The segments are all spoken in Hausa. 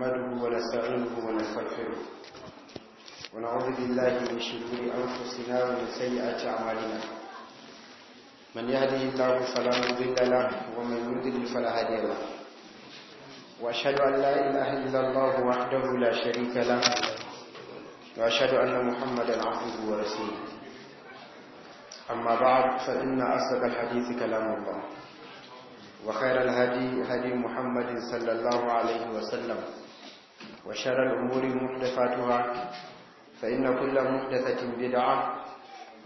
نحمده ونستعينه ونستغفره ونعوذ بالله من شرور أنفسنا ومن سيئات أعمالنا من يهده الله فلا مضل له ومن يضلل فلا هادي له وأشهد أن لا إله إلا الله وحده لا شريك له وأشهد أن محمدا عبده ورسوله أما بعد فإن أصدق الحديث كلام الله وخير الهدي هدي محمد صلى الله عليه وسلم وشر الأمور محدثاتها فإن كل محدثة بدعة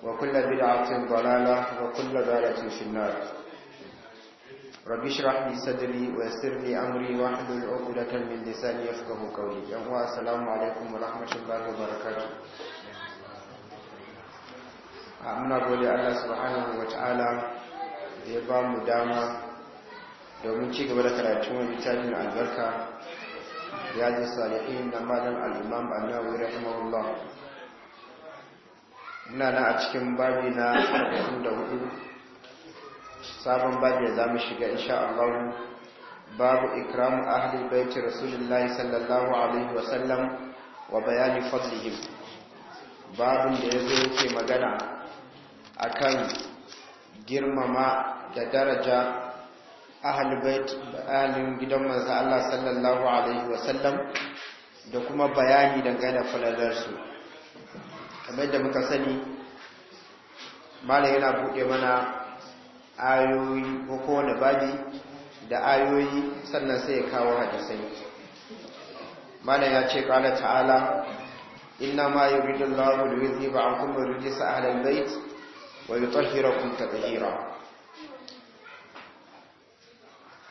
وكل بدعة ضلالة وكل ضلالة في النار رب اشرح لي صدري ويسر لي أمري واحلل عقدة من لساني يفقه قولي يوم السلام عليكم ورحمة الله وبركاته muna gode Allah subhanahu ta'ala da ya ba mu dama domin ci gaba da karatun wani littafin albarka رياض الصالحين نمال الإمام النووي رحمه الله ina na a cikin babi na 44 sabon babi da za mu shiga insha Allah babu ikramu ahli baiti rasulullahi sallallahu alaihi wasallam wa bayani fadlihim babin da ya zo yake magana akan girmama da daraja ahal bait ahalin gidan manzo Allah sallallahu alaihi wasallam da kuma bayani dangane da falalarsu kamar da muka sani malam yana buɗe mana ayoyi ko kowane babi da ayoyi sannan sai ya kawo hadisai malam ya ce kala ta'ala inna ma yuridu Allahu li yuzhiba ankum rijsa ahlal bait wa yutahhirakum tatheera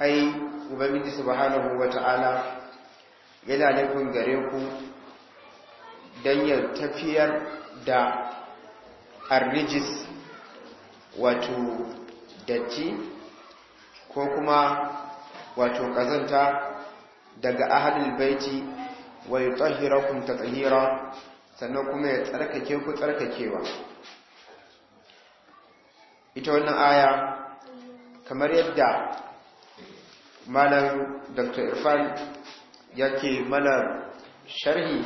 ai ubangiji subhanahu wata'ala yana nufin gare ku don ya tafiyar da arrijis wato datti ko kuma wato ƙazanta daga ahadul baiti wa yutahhirakum tatahira sannan kuma ya tsarkake ku tsarkakewa ita wannan aya kamar yadda malar dr irfan yake mana sharhi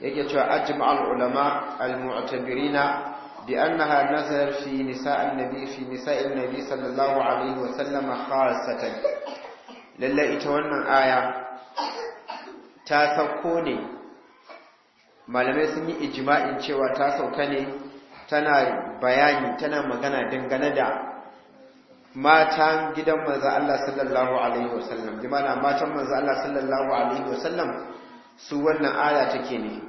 yake cewa ajim'a ulama al na bi na nazar fi na biyu fi nisa'in biyu sallallahu alaihi wa sallam satan. lalla ita wannan aya ta sauko ne malamai sun yi ijima'in cewa ta sauka ne tana bayani tana magana dangane da matan gidan manzo Allah sallallahu alaihi wasallam bi mana matan manzo Allah sallallahu alaihi wasallam su wannan aya take ne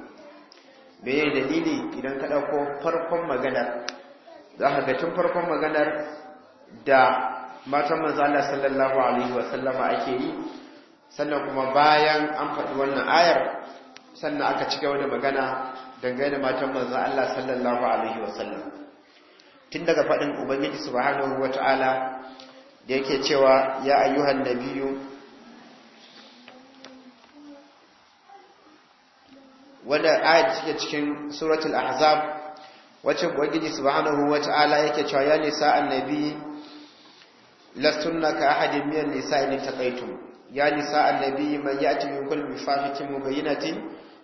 bayan dalili idan ka dauko farkon maganar za ka ga tun farkon maganar da matan manzo Allah sallallahu alaihi wasallam ake yi sannan kuma bayan an faɗi wannan ayar sannan aka cika wani magana dangane da matan manzo Allah sallallahu alaihi wasallam tun daga faɗin ubangiji subhanahu ta’ala da yake cewa ya ayyuhan nabiyu wanda ayat suke cikin suratul ahzab wacce ubangiji subhanahu ta'ala yake cewa ya nisa annabi lastunna ka ahadin miyan nisa'i ya nisa annabi mai ya'ti min kulli fahitin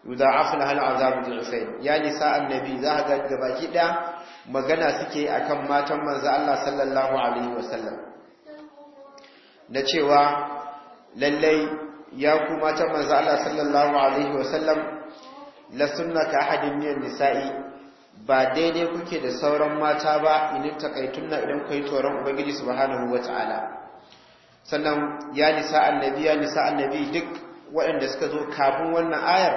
hal azabu azab du'afain ya nisa annabi za ga baki da magana suke akan matan manzo Allah sallallahu alaihi wasallam na cewa lallai ya ku matan manzo Allah sallallahu alaihi wasallam la sunnaka ahadin min nisa'i ba daidai kuke da sauran mata ba inin takaitunna idan kai toron ubangiji subhanahu wataala sannan ya nisa annabi ya nisa annabi duk waɗanda suka zo kafin wannan ayar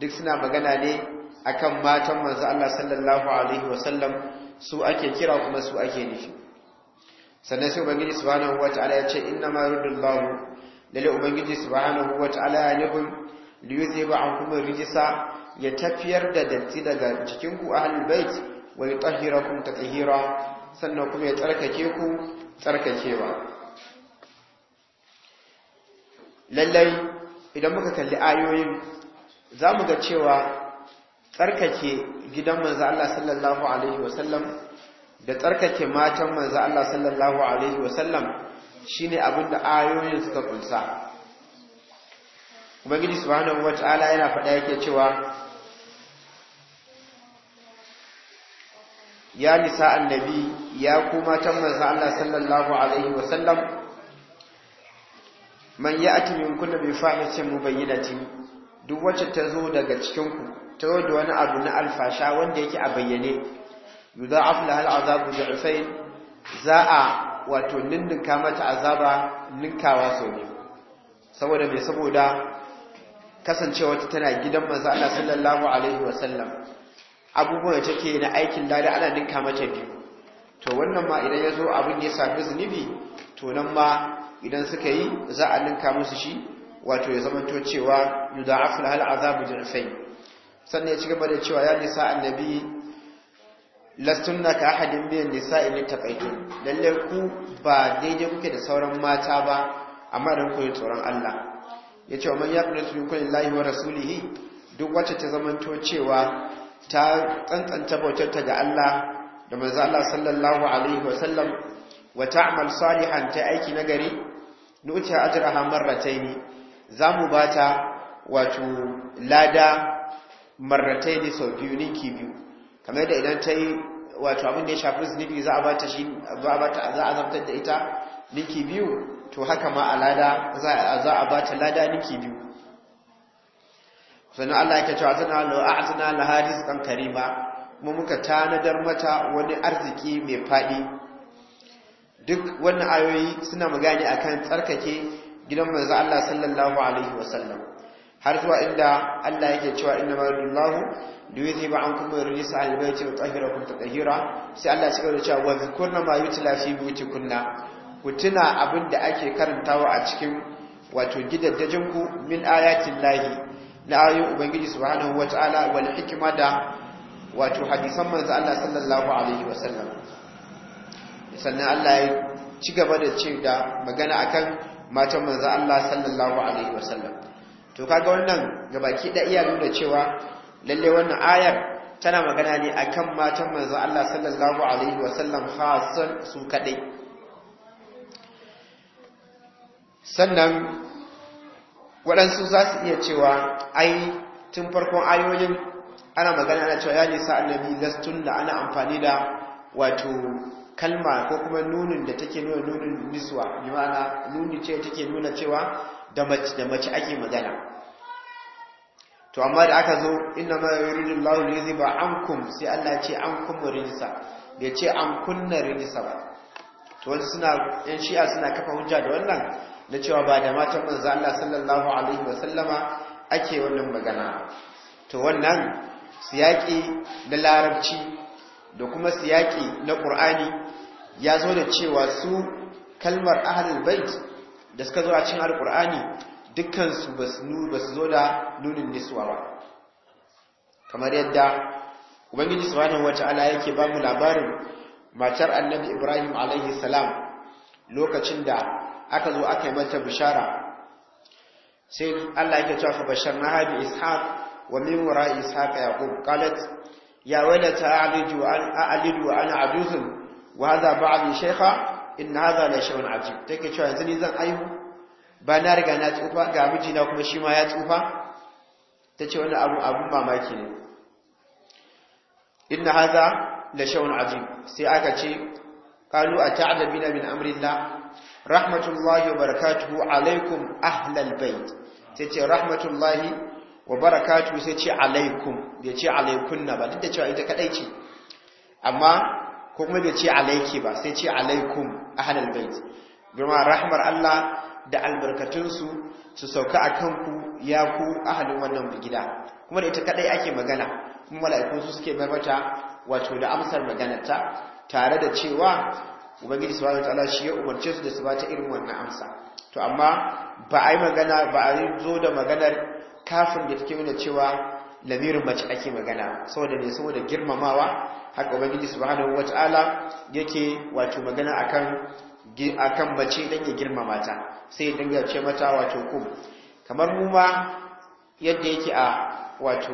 duk suna magana ne akan matan manzo Allah sallallahu alaihi wasallam su ake kira kuma su ake nufi sannan sai ubangiji subhanahu wataala ya ce inna ma yuridullahu lalle ubangiji subhanahu wataala ya ba a ankum rijsa ya tafiyar da datti daga cikin ku ahlul bait wa yutahhirakum tatheera sannan kuma ya tsarkake ku tsarkakewa lallai idan muka kalli ayoyin za mu ga cewa tsarkake gidan manzo Allah sallallahu alaihi wasallam da tsarkake matan manzo Allah sallallahu alaihi wasallam ne abin da ayoyin suka kunsa ubangiji subhanahu ta'ala yana faɗa yake cewa ya nisa annabi ya ku matan manzo Allah sallallahu alaihi wasallam man ya'ti min kunna bi fahishatin mubayyinatin duk wacce ta zo daga cikinku ta zo da wani abu na alfasha wanda yake a bayyane yudha'af azabu da du'afain za a wato ninninka mata azaba ninkawa sau ne saboda mai saboda kasancewa ta tana gidan manzo Allah sallallahu alaihi wa sallam abubuwan da take na aikin dare ana ninka mata biyu to wannan ma idan ya zo abin ya safi zunubi to nan ma idan suka yi za a ninka musu shi wato ya zamanto cewa yudafu lahal azabu jirfai sannan ya cigaba da cewa ya nisa annabi lastunna ka ahadin biyan nisa in taqaitu lalle ku ba daidai kuke da sauran mata ba amma dan yi tsoron Allah yace man yaqnutu min kulli lahi wa rasulihi duk wacce ta to cewa ta tsantsanta bautarta ga Allah da manzo Allah sallallahu alaihi wa sallam wa ta'mal salihan ta aiki nagari nuta ajraha marrataini za mu ba ta wato lada marratai ne sau biyu ninki biyu kamar yadda idan ta yi wato abin da ya shafi zunubi za a ba ta shi za a zartar da ita ninki biyu to haka ma a lada za a ba ta lada ninki biyu sannan Allah yake cewa zana lo a'zina laha ɗan karima mu muka tanadar mata wani arziki mai fadi duk wannan ayoyi suna magani akan tsarkake gidan manzo Allah sallallahu alaihi wasallam har zuwa inda Allah yake cewa inna ma'adullahu yuridullahu liyuthiba ankum rijsa al-bayti wa tahirakum tatahira sai Allah ya ce wa zikurna ma yutla fi buyutikunna ku tuna abin da ake karantawa a cikin wato gidajen ku min ayatin lahi na ayoyin ubangiji subhanahu wataala wal hikima da wato hadisan manzo Allah sallallahu alaihi wasallam sannan Allah ya ci gaba da ce da magana akan matan manzan Allah sallallahu alaihi wasallam to kaga wannan gabaki da iya nuna cewa lalle wannan ayar tana magana ne akan matan manzan Allah sallallahu alaihi wasallam hasan su kadai sannan waɗansu za su iya cewa ai tun farkon ayoyin ana magana ana cewa ya nisa annabi lastun da ana amfani da wato kalma ko kuma nunin da take nuna nunin niswa bi ma'ana nuni ce take nuna cewa da mace da mace ake magana to amma da aka zo inna ma Allahu liyuziba ankum sai Allah ya ce ankum rinsa bai ce an kunna rinsa ba to wasu suna yan shi'a suna kafa hujja da wannan na cewa ba da matan manzo Allah sallallahu alaihi wa sallama ake wannan magana to wannan siyaki na larabci da kuma siyaki na Qur'ani ya zo da cewa su kalmar ahlul bait da suka zo a cikin alkur'ani dukkansu ba su zo da nunin niswa ba kamar yadda ubangiji subhanahu wata'ala yake ba mu labarin matar annabi ibrahim alaihi salam lokacin da aka zo aka yi mata bishara sai allah yake cewa fa basharna hadi ishaq wa min wara ishaq yaqub qalat ya walata a'lidu a'lidu wa ana ajuzun wa hadha ba'li shaykha in hadha la shay'un ajib take cewa yanzu ni zan aihu ba na riga na tsufa ga mijina kuma shi ma ya tsufa tace wannan abu mamaki ne inna hadha la shay'un ajib sai aka ce qalu ata'jabina min amrillah rahmatullahi wa barakatuhu alaikum ahlal bait sai ce rahmatullahi wa barakatuhu sai ce alaikum da ce alaikunna ba duk da cewa ita kadai ce amma ko kuma bai ce alaiki ba sai ce alaikum ahlal bait girma rahmar Allah da albarkatunsu su sauka a kanku ya ku ahalin wannan gida kuma da ita kadai ake magana kuma mala'ikun su suke barbata wato da amsar ta tare da cewa ubangiji subhanahu wataala shi ya umarce su da su bata irin wannan amsa to amma ba a yi magana ba a zo da maganar kafin da take nuna cewa lamirin mace ake magana saboda ne saboda girmamawa haka ubangiji subhanahu wataala yake wato magana akan akan mace dan ya girmama ta sai ya ce mata wato kum kamar mu ma yadda yake a wato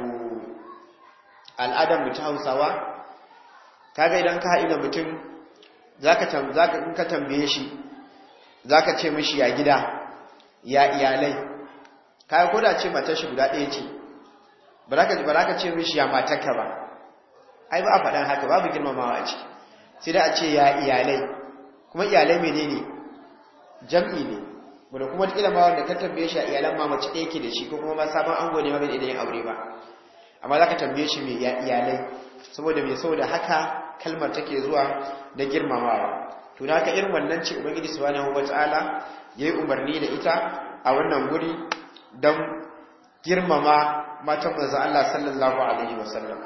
al'adar mu ta Hausawa kaga idan ka haɗu da mutum zaka ka tambaye shi zaka ce mishi ya gida ya iyalai kaga koda ce matar shi guda ɗaya ce ba za ka ce mishi ya matarka ba ai ba a faɗan haka babu girmamawa a ciki sai da a ce ya iyalai kuma iyalai menene jam'i ne wanda kuma duk ilama wanda ka tambaye shi a iyalan ma mace ɗaya ke da shi ko kuma ma sabon ango ne mabin bai da yin aure ba amma za ka tambaye shi mai iyalai saboda mai saboda haka kalmar take zuwa da girmamawa to da haka irin wannan ce ubangiji subhanahu ya yi umarni da ita a wannan guri don girmama matan manzo Allah sallallahu alaihi wasallam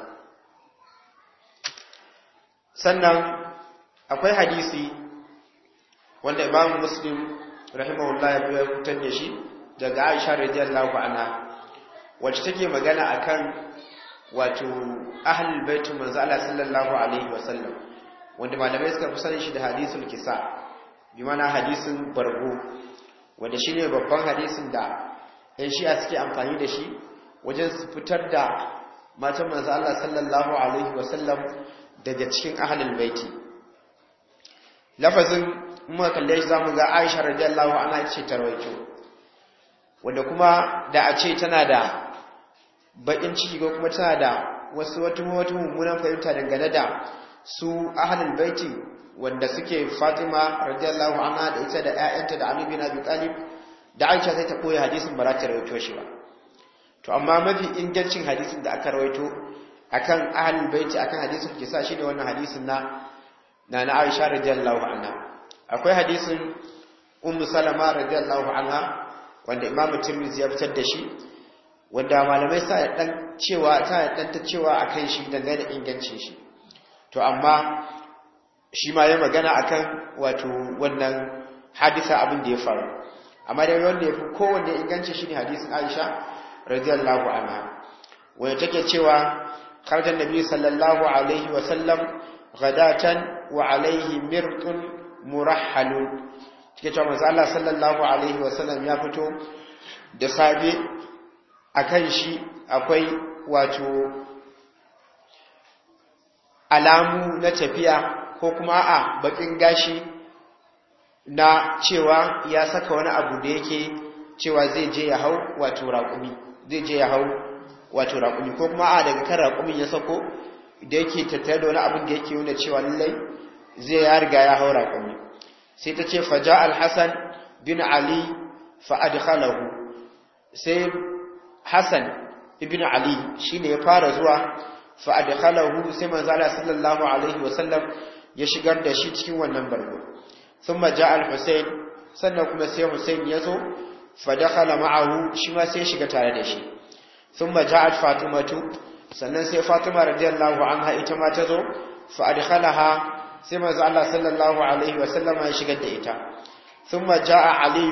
sannan akwai hadisi wanda Imam Muslim rahimahullah ya bayar kutan da shi daga Aisha radiyallahu anha wacce take magana akan wato ahlul bait manzo Allah sallallahu alaihi wasallam wanda malamai suka fi sanin shi da hadisul kisa bi mana hadisin bargo wanda shine babban hadisin da ɗan shi'a suke amfani da shi wajen su fitar da matan manzo Allah sallallahu alaihi wasallam daga cikin ahalin baiti lafazin muka kalle shi zamu ga Aisha radiyallahu anha ce tarwaito wanda kuma da a ce tana da bakin ciki ko kuma tana da wasu wata wata mummunan fahimta dangane da su ahlul baiti wanda suke Fatima radiyallahu anha da ita da ƴaƴanta da Ali bin Abi da Aisha sai ta koyi hadisin ba za ta shi ba to amma mafi ingancin hadisin da aka rawaito akan ahlul baiti akan hadisin ke sa shi da wannan hadisin na na na Aisha radiyallahu anha akwai hadisin Ummu Salama radiyallahu anha wanda Imam Tirmidhi ya fitar da shi wanda malamai sa dan cewa ta dan ta cewa akan shi dangane da ingancin shi to amma shi ma ya magana akan wato wannan hadisa abin da ya faru amma dai wanda ya fi kowanne shi ne hadisin Aisha radiyallahu anha wai take cewa kharajan nabi sallallahu alaihi wa sallam ghadatan wa alaihi mirqun murahhalun take cewa manzo Allah sallallahu alaihi wa sallam ya fito da sabe akan shi akwai wato alamu na tafiya ko kuma a bakin gashi na cewa ya saka wani abu da yake cewa zai je ya hau wato raƙumi zai je ya hau wato raƙumi ko kuma a daga kan raƙumin ya sako da yake tattare da wani abin da yake nuna cewa lallai zai ya riga ya hau raƙumi sai ta ce faja alhassan bin ali fa'adkhalahu sai hassan ibn ali shine ya fara zuwa fa'adkhalahu sai manzo Allah sallallahu alaihi wasallam ya shigar da shi cikin wannan bargo thumma ja al sannan kuma sai hussain ya zo fadakhala ma'ahu shi ma sai shiga tare da shi thumma ja'at fatimatu sannan sai fatima radiyallahu anha ita ma ta zo fa adkhalaha sai manzo Allah sallallahu alaihi wa sallama ya shigar da ita thumma ja'a ali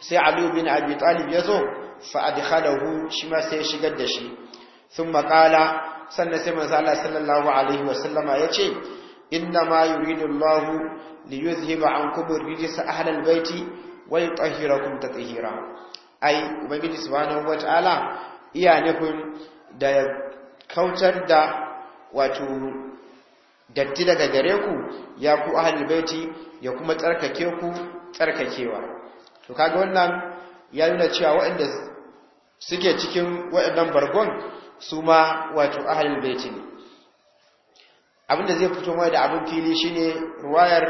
sai ali bin abi talib ya zo fa adkhalahu shi ma sai shigar da shi thumma qala sannan sai manzo Allah sallallahu alaihi wa sallama ya ce inna ma yuridu Allah li yuzhiba ankum rijsa ahlal baiti wa yutahhirakum tatheera ai ubangiji subhanahu ta'ala iya nufin da kautar da wato datti daga gare ku ya ku ahlul baiti ya kuma tsarkake ku tsarkakewa to kaga wannan ya nuna cewa waɗanda suke cikin waɗannan bargon su ma wato ahalin baiti ne abinda zai fito mai da abin fili shine ruwayar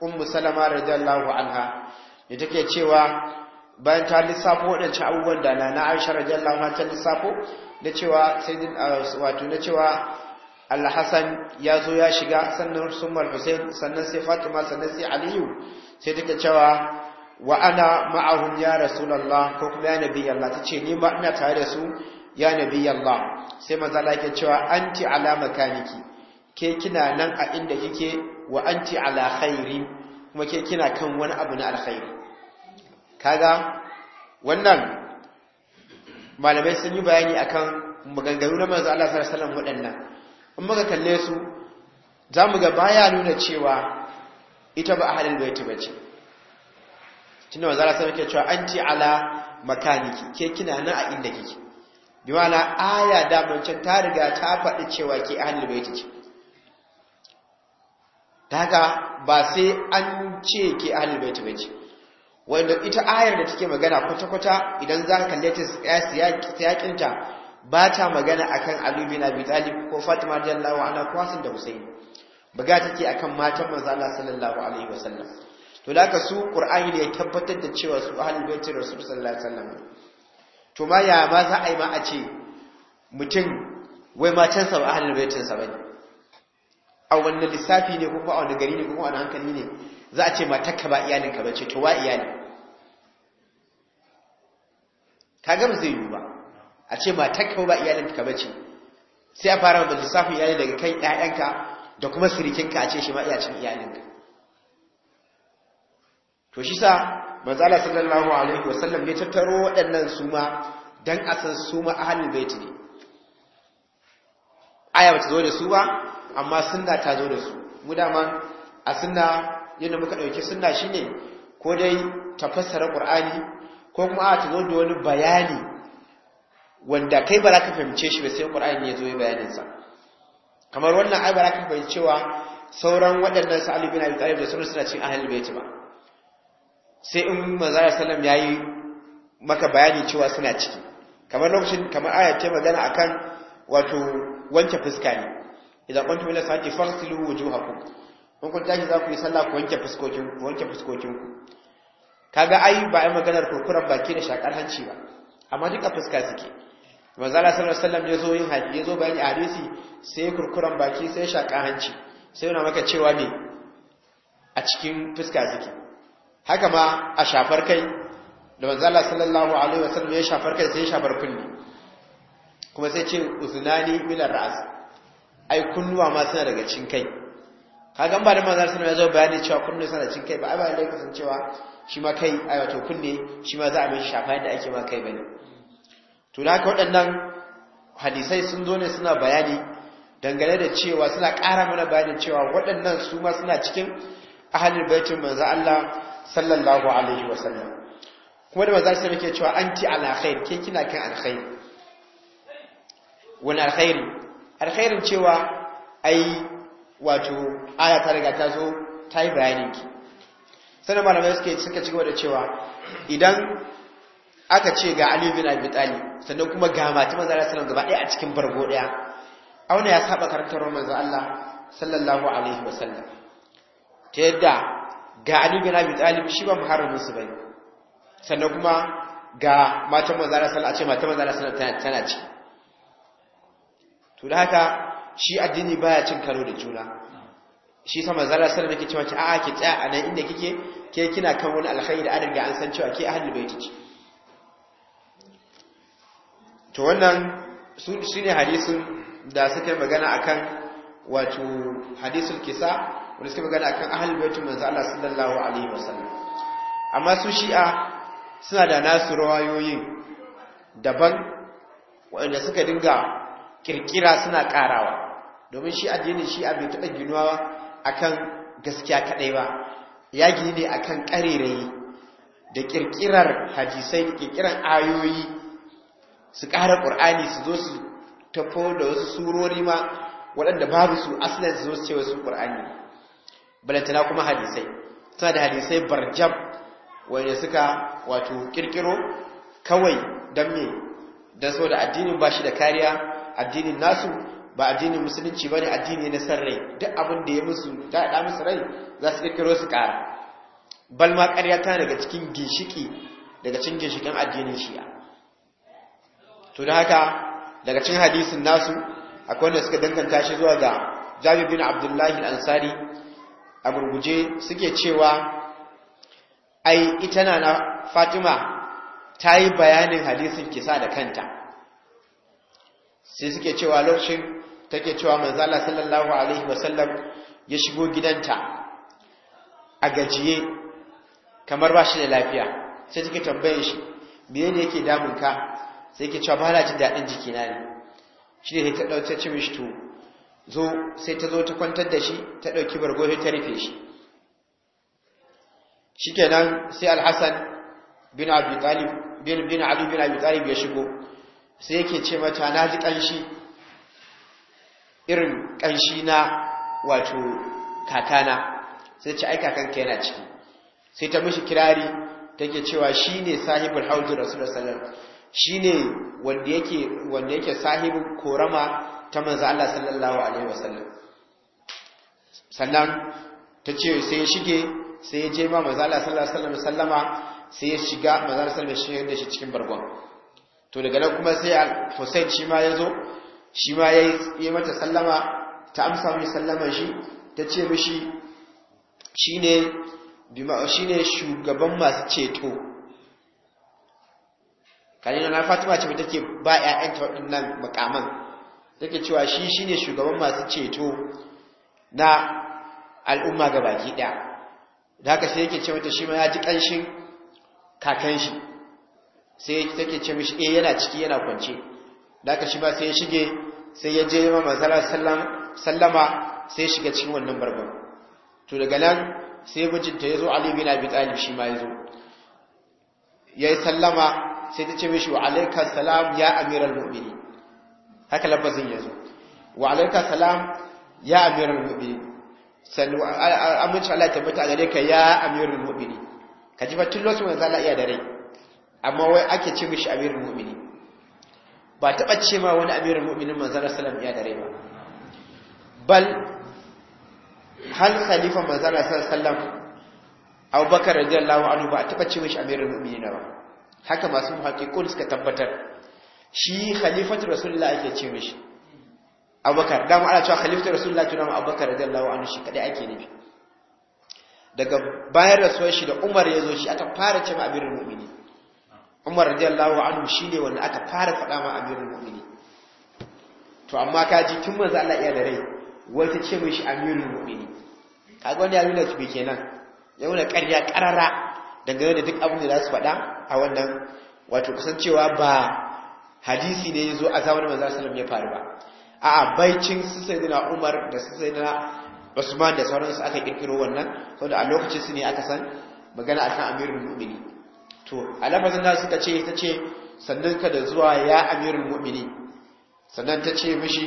ummu salama radiyallahu anha da take cewa bayan ta lissafo waɗancan abubuwan da na na aisha radiyallahu anha ta lissafo Na cewa wato na cewa AlHassan ya zo ya shiga sannan sumar hussain sannan sai fatima sannan sai aliyu sai take cewa wa ana ma'ahum ya rasulullah ko kuma ya nabi Allah tace ni ma ina tare da su ya nabi Allah sai maza Allah cewa anti ala makaniki ke kina nan a inda kike wa anti ala khairi kuma ke kina kan wani abu na alkhairi kaga wannan malamai sun yi bayani akan maganganu na manzo Allah sallallahu alaihi wasallam waɗannan in muka kalle su za mu ga baya nuna cewa ita ba ahlul baiti bace tunda manzo Allah sallallahu alaihi wasallam yake cewa anti ala makaniki ke kina nan a inda kike bi ma'ana aya da mancan ta riga ta faɗi cewa ke ahlul baiti ce daga ba sai an ce ke ahlul baiti bace wanda ita ayar da take magana kwata-kwata idan za ka kalle ta siyakinta ba ta magana a kan bin Abi Talib ko Fatima radiyallahu anha ana Hassan da ba ga take kan matan manzo sallallahu alaihi wasallam to da ka su ƙur'ani da ya tabbatar da cewa su ahlul da su sallallahu alaihi wasallam to ma ya ma za a yi ma a ce mutum wai matan sa ahlul baitin ba ne. a wannan lissafi ne ko a wani gari ne ko a wani hankali ne za a ce takka ba iyalinka ba ce to wa iyali ka ba zai yiwu ba a ce ma takka ba iyalinka ba ce sai a fara da lissafin iyali daga kan ɗayanka da kuma sirikinka a ce shi ma iyacin iyalinka to shi sa mazala sallallahu alaihi wasallam ya tattaro waɗannan suma don a san suma ahalul baiti ne aya ba ta zo da su ba amma sunna ta zo da su mu dama a sunna yadda muka ɗauki shi ne ko dai tafassara ƙur'ani ko kuma a tuzo da wani bayani wanda kai ba za ka fahimce shi ba sai ƙur'ani ya zo yi bayaninsa kamar wannan ai ba za ka fahimce cewa sauran waɗannan sa'alu bin abi talib da sauran suna cikin ahlul bait ba sai in manzo sallam yayi maka bayani cewa suna ciki kamar lokacin kamar aya magana magana kan wato wanke fuska ne idan kuntum ila salati faghsilu wujuhakum kun kun tashi za ku yi sallah ku wanke fuskokin ku wanke fuskokin ku kaga ai ba ai maganar kurkuran baki da shakar hanci ba amma duka fuska suke manzo Allah sallallahu alaihi wasallam yazo yin haji yazo bayani a hadisi sai kurkuran baki sai shakar hanci sai yana maka cewa me a cikin fuska suke haka ma a shafar kai da manzo Allah sallallahu alaihi wasallam ya shafar kai sai shafar kulli kuma sai ce uzunani milar ra'as ai kunnuwa ma suna daga cikin kai kaga ba da manzan sanar ya zo bayani cewa kunne sana cin kai ba a bayan da ya kasancewa shi ma kai a wato kunne shi ma za a mai shafa yadda ake ma kai ba ne to da haka waɗannan hadisai sun zo ne suna bayani dangane da cewa suna ƙara mana bayanin cewa waɗannan su ma suna cikin ahalin baitin manzan Allah sallallahu alaihi wa sallam kuma da manzan sanar ke cewa anti alkhair ke kina kan alkhair wani alkhairi alkhairin cewa ai wato aya ta riga ta zo ta yi bayanin ki malamai suke suka ci gaba da cewa idan aka ce ga Ali bin Abi Talib sannan kuma ga mata manzo Allah sallallahu gaba ɗaya a cikin bargo ɗaya auna ya saba karantar manzo Allah sallallahu alaihi wasallam ta yadda ga Ali bin Abi Talib shi ba muharramin musu bane sannan kuma ga matan manzo Allah sallallahu alaihi wasallam a ce matan manzo Allah sallallahu alaihi wasallam tana ci to da haka shi addini baya cin karo da juna shi sama zara sar da ke cewa ki a'a ki tsaya a nan inda kike ke kina kan wani alkhairi da an riga an san cewa ke ahlul baiti ce to wannan su hadisin da suka magana akan wato hadisul kisa wanda suka magana akan ahlul baiti manzo Allah sallallahu alaihi wasallam amma su shi'a suna da nasu rawayoyin daban wanda suka dinga kirkira suna karawa domin shi addinin shi abin taɓa ginuwa akan gaskiya kaɗai ba ya gini ne akan ƙarerayi da ƙirƙirar hadisai da ƙirƙirar ayoyi su ƙara ƙur'ani su zo su tafo da wasu surori ma waɗanda babu su asalin su zo su ce wasu ƙur'ani balantana kuma hadisai suna da hadisai barjab wanda suka wato ƙirƙiro kawai don me don saboda addinin ba shi da kariya addinin nasu ba addinin musulunci bane addini na san rai duk abin da ya musu ta da musu rai za su kiro su ƙara bal ma ƙarya ta daga cikin ginshiki daga cikin ginshikin addinin shi'a to da haka daga cikin hadisin nasu akwai wanda suka danganta shi zuwa ga Jabir bin Abdullahi al-Ansari a gurguje suke cewa ai ita na Fatima ta yi bayanin hadisin kisa da kanta sai suke cewa lokacin take cewa Manzala, sallallahu alaihi wasallam ya shigo gidanta a gajiye kamar ba shi da lafiya sai suke tambaye shi ne yake damun ka sai ke cewa ba na jin jiki jikina ne shi ne ta dauke ci mishi to zo sai ta zo ta kwantar da shi ta ɗauki bargo ta rufe shi shikenan sai Alhassan bin Abi Talib bin bin bin Talib ya shigo sai yake ce mata na ji ƙanshi irin ƙanshi na wato kakana sai ce aika kanka yana ciki sai ta mishi kirari take cewa ne sahibul haujin rasulullah sallallahu alaihi wasallam ne wanda yake wanda yake sahibin korama ta manzo Allah sallallahu alaihi wasallam sannan ta ce sai ya shige sai ya je ma manzo Allah sallallahu alaihi wasallama sai ya shiga manzo Allah sallallahu alaihi wasallam shi cikin bargon to daga nan kuma sai al-Husayn shi ma yazo shi ma yayi mata sallama ta amsa mai sallaman shi ta ce mishi shine bima shine shugaban masu ceto kalina na Fatima ce take ba ƴaƴanta waɗannan makaman take cewa shi shine shugaban masu ceto na al'umma gabaki ɗaya da haka sai yake ce mata shi ma ya ji ƙanshin kakan shi sai take ce mishi eh yana ciki yana kwance da aka shi ba sai ya shige sai ya je ma manzara sallama sai shiga cikin wannan barbar to daga nan sai mijinta ya zo ali bin abi talib shi ma ya zo ya yi sallama sai ta ce mishi wa alaika salam ya amiral mu'mini haka labbazin ya zo wa alaika salam ya amiral mu'mini sannu aminci Allah ya tabbata a gare ka ya amiral mu'mini ka ji fatin za manzala iya da rai amma wai ake ce mishi amirul mu'mini ba taɓa ce ma wani amirul mu'minin manzara salam ya da rai ba bal hal khalifa manzara sallam abubakar radiyallahu anhu ba a taɓa ce mishi amirul mu'minin ba haka masu haƙiƙun suka tabbatar shi khalifatu rasulullah ake ce mishi abubakar dama ana cewa khalifatu rasulullah tunan ma abubakar radiyallahu anhu shi kadai ake nufi daga bayan rasuwar shi da umar ya zo shi aka fara ce ma amirul mu'minin umar radiyallahu anhu shine wanda aka fara faɗa ma amirul mu'minin to amma ka ji tun manzo Allah ya da rai wai ta ce mishi amirul mu'minin kaga wanda ya nuna kibe kenan ya nuna ƙarya ƙarara dangane da duk abin da za su faɗa a wannan wato kasancewa ba hadisi ne ya a zamanin manzo sallallahu ya faru ba a'a baicin su sayyidina Umar da su sayyidina Usman da sauransu aka kirkiro wannan saboda a lokacin su ne aka san magana akan amirul mu'minin to a lafazin da suka ce ta ce sannan ka da zuwa ya amirin mu'mini sannan ta ce mishi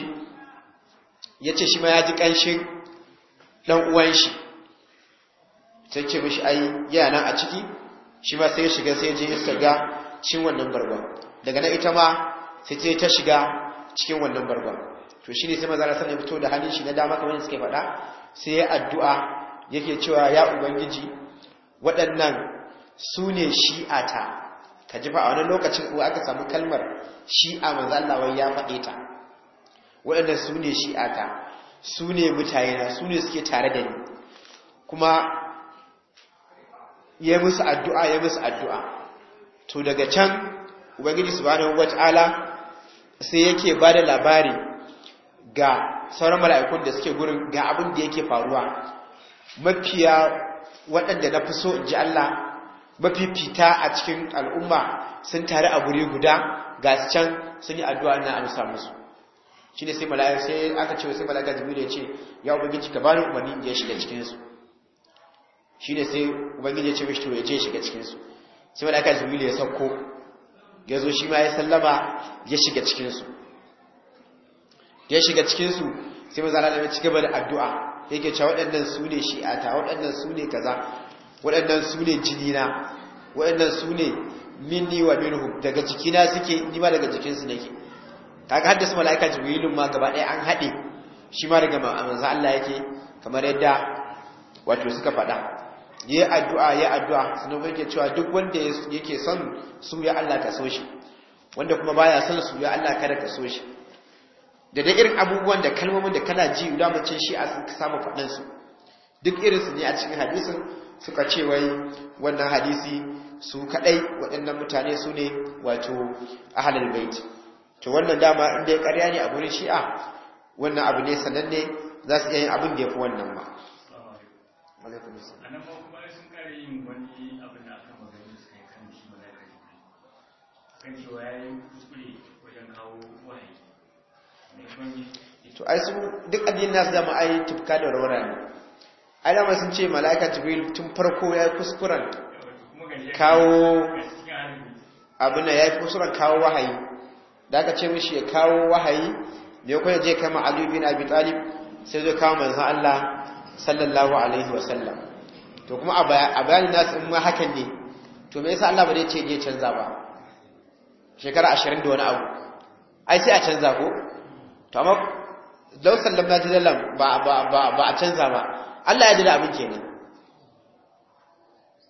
ya ce shi ma ya ji ƙanshin ɗan uwan shi ta ce mishi ai yana a ciki shi ma sai ya shiga sai je ya ga cikin wannan barba daga na ita ma sai ce ta shiga cikin wannan barba to shi ne sai maza rasan ya fito da hannun shi na dama kamar suke faɗa sai ya addu'a yake cewa ya ubangiji waɗannan su ne shi'ata ka ji a wani lokacin uwa aka samu kalmar shi'a manzo Allah wai ya faɗe ta waɗanda su ne shi'ata su ne mutane na su ne suke tare da ni kuma ya musu addu'a ya musu addu'a to daga can ubangiji subhanahu wataala sai yake ba da labari ga sauran mala'ikun da suke gurin ga abin da yake faruwa mafiya waɗanda na fi so in ji Allah mafifita a cikin al'umma sun tare a guri guda ga su can sun yi addu'a na amsa musu shi ne sai mala'ika sai aka ce sai mala'ika jibril ya ce ya ubangiji ka bani umarni ya shiga cikinsu. shi ne sai ubangiji ya ce mishi to ya ce shiga cikinsu sai mala'ika jibril ya sauko ya zo shi ma ya sallama ya shiga cikinsu. ya shiga cikinsu sai maza Allah ya ci gaba da addu'a yake cewa waɗannan su ne shi'ata waɗannan su ne kaza waɗannan su ne jinina waɗannan su ne minni wa minhu daga jikina suke ni ma daga jikinsu nake kaga haddasa mala'ika jibrilun ma gaba ɗaya an haɗe shi ma daga manzo Allah yake kamar yadda wato suka faɗa yi addu'a ya addu'a sunan yake cewa duk wanda yake son su ya Allah ka so shi wanda kuma baya son su ya Allah kada ka so shi da da irin abubuwan da kalmomin da kana ji da mace shi a samu faɗin su duk irin su ne a cikin hadisin suka ce wai wannan hadisi su kadai waɗannan mutane su ne wato ahlul bait to wannan dama inda ya ƙarya ne a gurin shi'a wannan abu ne sananne za su iya yin abin da ya fi wannan ma to ai su duk addinin nasu dama ai tufka da rawara ne adama sun ce mala'ika jibril tun farko ya yi kuskuren kawo abin da ya yi kuskuren kawo wahayi da aka ce mishi ya kawo wahayi da ya kwanye je kama aliyu bin abi talib sai zai kawo mai zan allah sallallahu alaihi wasallam to kuma a bayanin nasu in ma hakan ne to me yasa allah ba zai ce je canza ba shekara ashirin da wani abu ai sai a canza ko to amma lau sallam na jizalam ba a canza ba Allah ya ji abin kenan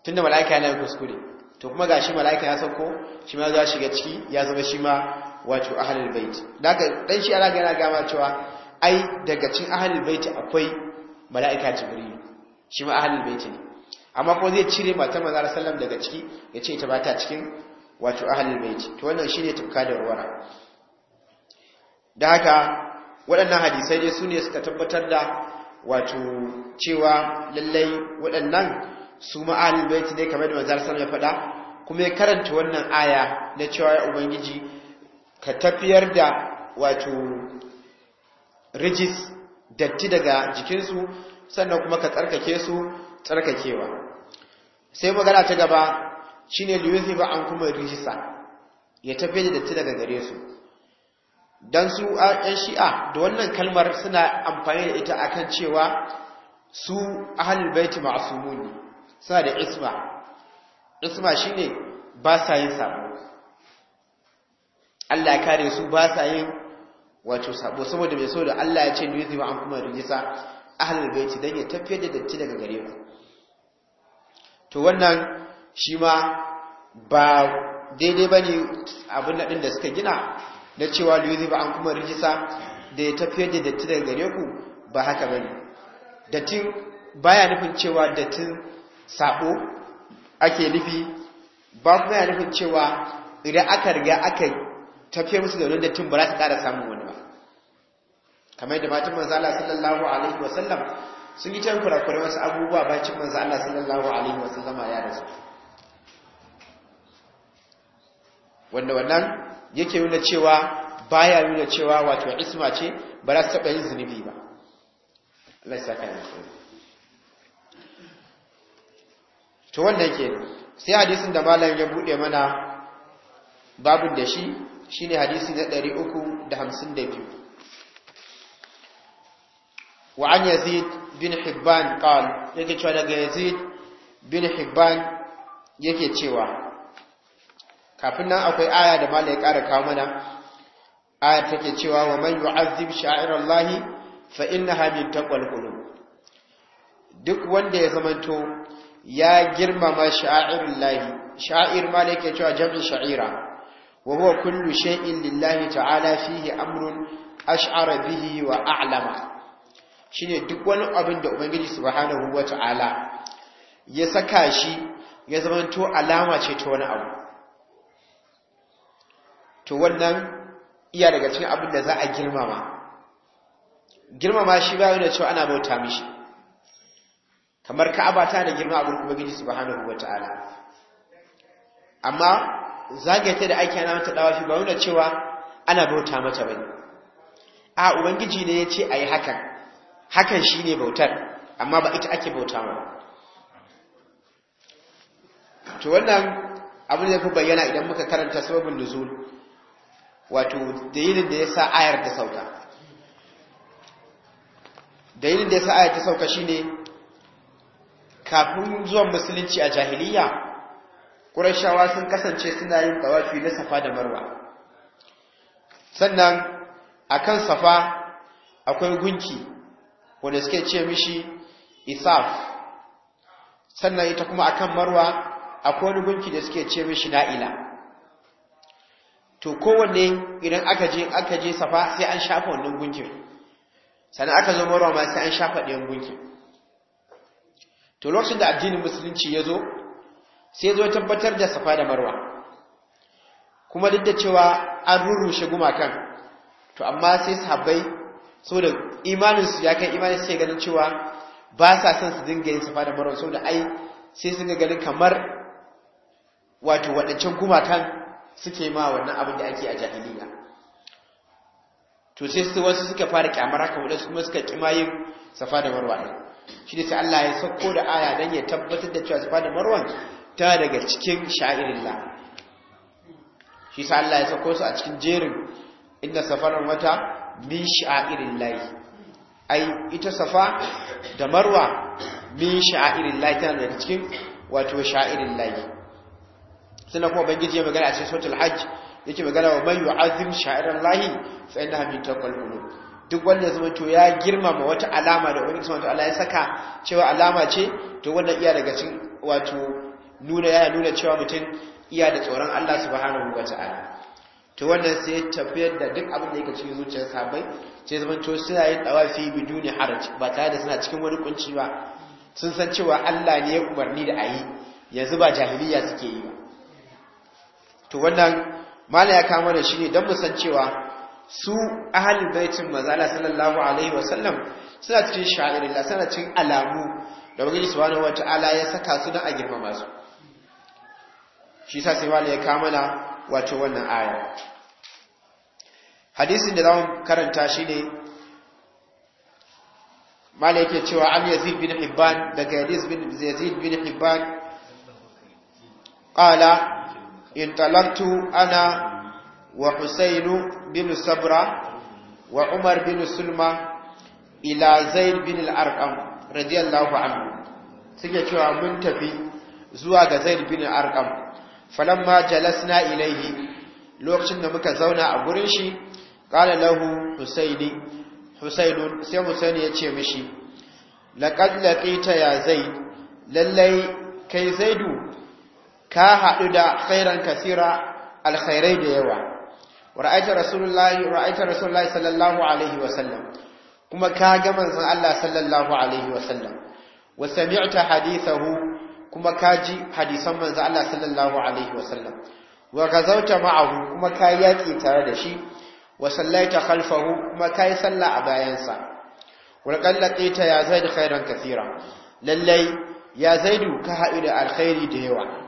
tunda mala'ika yana kuskure to kuma gashi mala'ika ya sauko shi ma za shiga ciki ya zama shi ma wato ahlul bait daga dan shi ana gana gama cewa ai daga cikin ahlul bait akwai mala'ika jibril shi ma ahlul bait ne amma ko zai cire matar manzara sallam daga ciki ya ce ita bata cikin wato ahalin bait to wannan shine tufka da warwara da haka waɗannan hadisai dai sune suka tabbatar da wato cewa lallai waɗannan su ma'alin baiti ne kamar da mazar ya faɗa kuma ya karanta wannan aya na cewa ya ubangiji ka tafiyar da wato rijis datti daga jikinsu sannan kuma ka tsarkake su tsarkakewa sai magana ta gaba shi ne liyuzi ba an kuma rijisa ya tafiyar da datti daga gare su don su ‘yan shi'a da wannan kalmar suna amfani da ita akan cewa su ahalul baiti masu muni suna da isma isma ne ba sa yin sabo Allah ya kare su ba sa yin wato sabo saboda mai saboda Allah ya ce nuzi wa an kuma rijisa ahalul baiti don ya tafiyar da datti daga gare ku to wannan shi ma ba daidai ba ne abin da suka gina na cewa liyuzi ba an kuma rijisa da ya tafiye da datti daga gare ku ba haka bane dattin baya nufin cewa dattin sabo ake nufi ba kuma ya nufin cewa idan aka riga aka tafiye musu da wani dattin ba za su kara samun wani ba kamar da matan manzo Allah sallallahu alaihi wasallam sun yi tan kurakurai wasu abubuwa bacin manzo Allah sallallahu alaihi wasallama ya rasu wanda wannan yake nuna cewa baya nuna cewa wato isma ce ba za su taɓa yin zunubi ba Allah ya saka to wannan ke sai hadisin da malam ya buɗe mana babin da shi shine hadisi na ɗari 352 wa an yazid bin hibban qala yake cewa daga yazid bin hibban yake cewa kafin nan akwai aya da malai ya ƙara kawo mana aya take cewa wa man yu'azzib sha'irallahi fa innaha min taqwal qulub duk wanda ya zamanto ya girmama sha'irullahi sha'ir malai yake cewa jam'in sha'ira wa huwa kullu shay'in lillahi ta'ala fihi amrun ash'ara bihi wa a'lama shine duk wani abin da ubangiji subhanahu wa ta'ala ya saka shi ya zamanto alama ce ta wani abu to wannan iya daga cikin abin da za a girmama girmama shi ba yana cewa ana bauta mishi kamar ka'aba ta da girma abin gidi subhanahu ta'ala amma ta da ake ana mata shi ba yana cewa ana bauta mata bane a ubangiji ne yace ayi hakan hakan shine bautar amma ba ita ake bauta ma to wannan abin da ya fi bayyana idan muka karanta sababin nuzul wato dalilin da ya sa ayar ta sauka dalilin da ya sa ayar ta sauka shine kafin zuwan musulunci a jahiliya ƙurashawa sun kasance suna yin tawafi na safa da marwa sannan a kan safa akwai gunki wanda suke ce mishi isaf sannan ita kuma akan marwa akwai wani gunki da suke ce mishi na'ila to kowanne idan aka je aka je safa sai an shafa wannan gunkin sannan aka zo marwa ma sai an shafa ɗayan gunkin to lokacin da addinin musulunci ya zo sai zo tabbatar da safa da marwa kuma duk da cewa an rurrushe gumakan to amma sai sahabbai saboda imaninsu ya kai imanin sai ganin cewa ba sa son su dinga yin safa da marwa saboda ai sai sun ga ganin kamar wato waɗancan gumakan suke ma wannan abin da ake a jahiliya to sai su wasu suka fara kyamar haka wadansu kuma suka kima yin safa da marwa ne shi ne sai Allah ya sauko da aya don ya tabbatar da cewa safa da marwa ta daga cikin sha'irin la shi sai Allah ya sauko su a cikin jerin inda safaran wata min sha'irin layi ai ita safa da marwa min sha'irin layi tana daga cikin wato sha'irin layi sannan kuma bangiji ya magana a cikin suratul hajj yake magana wa mai yu'azzim sha'irar lahi fa innaha min taqwal qulub duk wanda zama to ya girmama wata alama da wani subhanahu Allah ya saka cewa alama ce to wannan iya daga cikin wato nuna yana nuna cewa mutum iya da tsoron Allah subhanahu wata'ala to wannan sai tafiyar da duk abin da yake cikin zuciyar sabai sai zama to suna yin tawafi duni haraj ba tare da suna cikin wani kunci ba sun san cewa Allah ne ya umarni da ayi yanzu ba jahiliya suke yi ba to wannan mala ya kama da shi ne don musan cewa su ahalin baitin mazala sallallahu alaihi wasallam suna cikin da suna cikin alamu da wani subhanahu wata ala ya saka su don a girma masu. shi sa sai mala ya kama da wato wannan aya hadisin da zamu karanta shi ne mala yake cewa an yazi bin hibban daga yazid bin yazid bin hibban qala intalaktu ana wa husainu bin sabra wa umar bin sulma ila zaid bin al-arqam radiyallahu anhu suke cewa mun tafi zuwa ga zaid bin al-arqam falamma jalasna ilaihi lokacin da muka zauna a gurin shi ƙara lahu husaini husainun sai husaini ya ce mishi laqad laqita ya zai lallai kai zaidu ka haɗu da khairan kasira alkhairai da yawa ra'aita rasulullahi ra'aita rasulullahi sallallahu alaihi wa sallam kuma ka ga manzon Allah sallallahu alaihi wa sallam wa sami'ta hadithahu kuma ka ji hadisan manzon Allah sallallahu alaihi wa sallam wa gazauta ma'ahu kuma ka yaki tare da shi wa sallaita khalfahu kuma ka yi sallah a bayansa wa qallaqita ya zaid khairan kathira lallai ya zaidu ka haɗu da alkhairi da yawa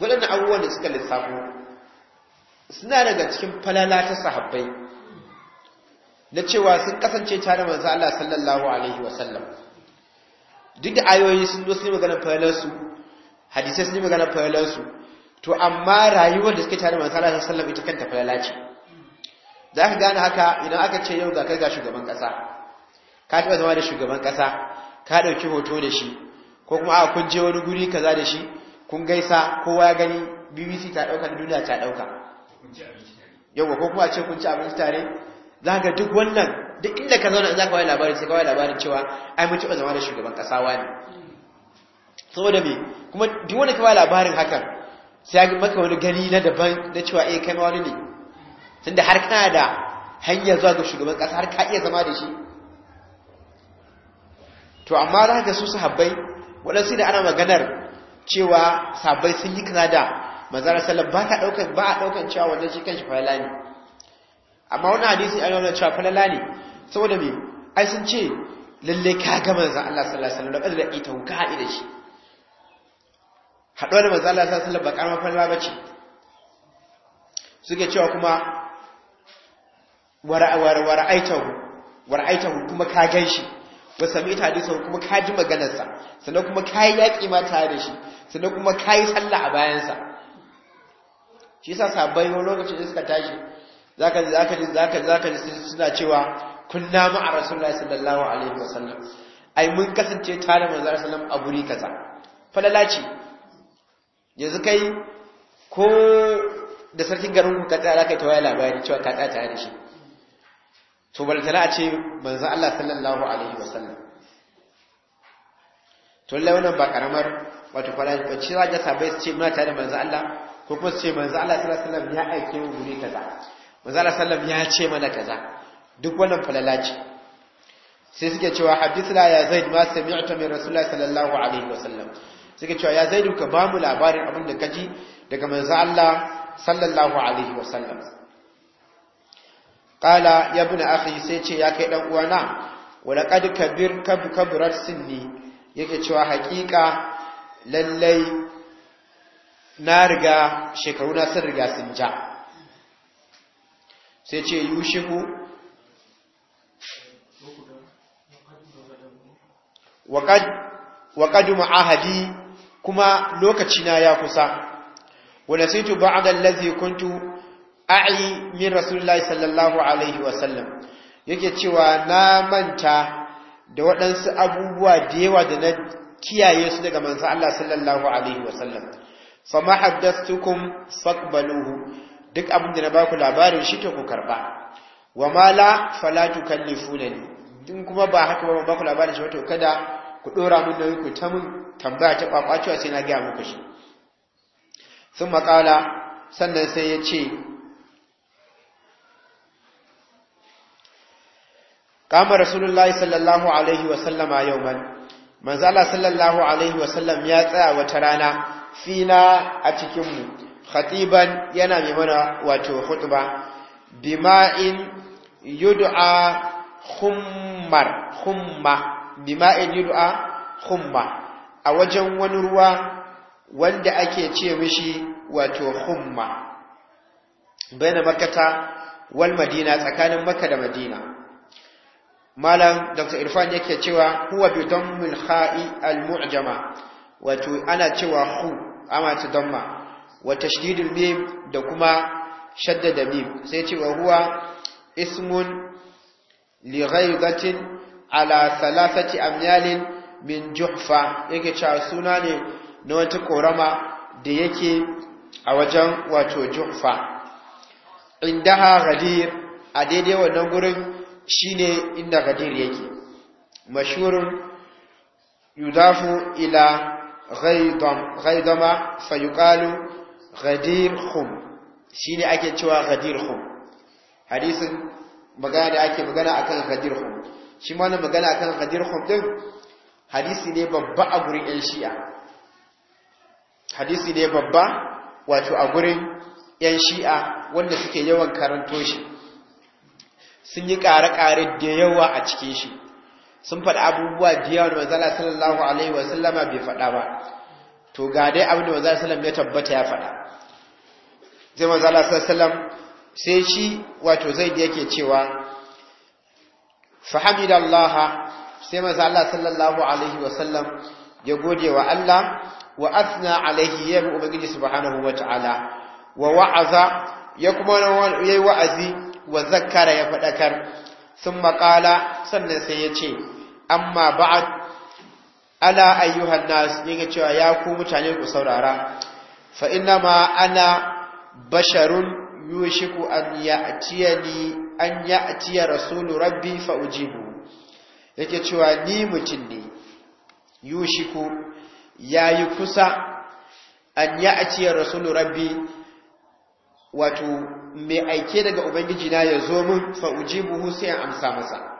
waɗannan abubuwan da suka lissafo suna daga cikin falala ta sahabbai na cewa sun kasance tare manzo Allah sallallahu alaihi wasallam duk da ayoyi sun zo sun yi maganar falalarsu hadisai sun yi maganar falalarsu to amma rayuwar da suke tare manzo Allah sallallahu alaihi ita kanta falala ce za ka gane haka idan aka ce yau ga kai ga shugaban kasa ka taba zama da shugaban kasa ka ɗauki hoto da shi ko kuma a kunje wani guri kaza da shi kun gaisa kowa ya gani bbc ta ɗauka da duniya ta ɗauka yau ko kuma ce kun ci abinci tare za ga duk wannan duk inda ka zauna za ka wai labarin sai kawai labarin cewa ai mun ba zama da shugaban kasa wani saboda me kuma duk wanda ka wai labarin hakan sai maka wani gani na daban na cewa eh kai wani ne tunda har kana da hanyar zuwa ga shugaban kasa har ka iya zama da shi to amma za ka su sahabbai waɗansu da ana maganar cewa sabai sun yi kaza da manzara sallam ba ta ba a daukan cewa wanda shi kanshi falala ne amma wani hadisi an nuna cewa falala ne saboda me ai sun ce lalle ka ga manzon Allah sallallahu alaihi wasallam da ita ka haɗi da shi haɗuwar manzon Allah sallallahu alaihi wasallam ba karamar falala bace suke cewa kuma wara'aitahu hu kuma ka gan shi ba sami hadisin kuma ka ji maganarsa sannan kuma ka yi yaƙi ma tare da shi sannan kuma ka yi sallah a bayansa shi sa sabbai wani lokacin da suka tashi ka ji ka ji ka ji ka ji suna cewa kunna ma a rasulullahi sallallahu alaihi wasallam ai mun kasance tare da manzon sallam a guri kaza falala ce yanzu kai ko da sarkin garin ku ka tsaya zaka yi tawaya labari cewa ka tsaya tare da shi to baltala a ce manzan Allah sallallahu alaihi wasallam to lallai wannan ba karamar wato kwalaci za ga sabai su ce muna tare da manzan Allah ko kuma su ce manzan Allah sallallahu alaihi wasallam ya aike mu guri kaza manzan Allah sallallahu alaihi ya ce mana kaza duk wannan falala ce sai suke cewa la ya zaid ma sami'ta min rasulullahi sallallahu alaihi wasallam suke cewa ya zaid ka ba mu labarin abin da kaji daga manzo Allah sallallahu alaihi wasallam qala ya ibn akhi sai ce ya kai dan uwana wala qad kabir kab kabrat sinni yake cewa haƙiƙa lallai na riga shekaru na sun riga sun ja sai ce yushiku waqad waqad ahadi kuma lokaci na ya kusa wala sai tu ba'da allazi kuntu a'i min rasulullahi sallallahu alaihi wasallam yake cewa na manta da waɗansu abubuwa da yawa da na kiyaye su daga manzo Allah sallallahu alaihi wasallam fa ma haddathtukum faqbaluhu duk abin da na baku labarin shi to ku karba wa mala fala tukallifunani din kuma ba haka ba baku labarin shi to kada ku dora mun nauyi ku ta mun tambaya ta kwakwacewa sai na ga muku shi sun makala sannan sai ya ce kama rasulullahi sallallahu alaihi wa yau man manzala sallallahu alaihi wa sallam ya tsaya wata rana fina a cikinmu khatiban yana mai mana wato hutuba bima'in yud'a khummar khumma bima'in yud'a khumma a wajen wani ruwa wanda ake ce mishi wato khumma bayan makata wal madina tsakanin makka da madina malam dr irfan yake cewa huwa bi dammil kha'i al mu'jama wato ana cewa hu ama ta damma wa tashdidul mim da kuma shaddada mim sai cewa huwa ismun li alasalasati ala thalathati amyalin min juhfa yake cewa suna ne na wata korama da yake a wajen wato juhfa indaha ghadir a daidai wannan gurin ne inda gadir yake Mashurin yudafu ila ghaidama fayuqalu gadir shi ne ake cewa gadir khum hadisin magana da ake magana akan gadir khum shi ma magana akan gadir khum hadisi ne babba a gurin yan shi'a hadisi ne babba wato a gurin yan shi'a wanda suke yawan karanto shi sun yi ƙare-ƙare da yawa a cikin shi sun faɗi abubuwa da yawa da manzala sallallahu alaihi sallama bai faɗa ba to ga dai abin da manzala sallam ya tabbata ya faɗa zai manzala sallam sai shi wato zai da yake cewa Allah sai manzala sallallahu alaihi sallam ya gode wa Allah wa asna alaihi ya bi ubangiji subhanahu wa ta'ala wa wa'aza ya kuma yi wa'azi wa zakkara ya faɗakar sun maƙala sannan sai ya ce amma ba'ad ala ayyuhan nas yake cewa ya ku mutane ku saurara fa inna ma ana basharun yushiku an ya'tiyani an ya'tiya rasulu rabbi fa ujibu yake cewa ni mutum ne yushiku yayi kusa an ya'tiya rasulu rabbi wato mai aike daga ubangiji na ya zo min fa sai an amsa masa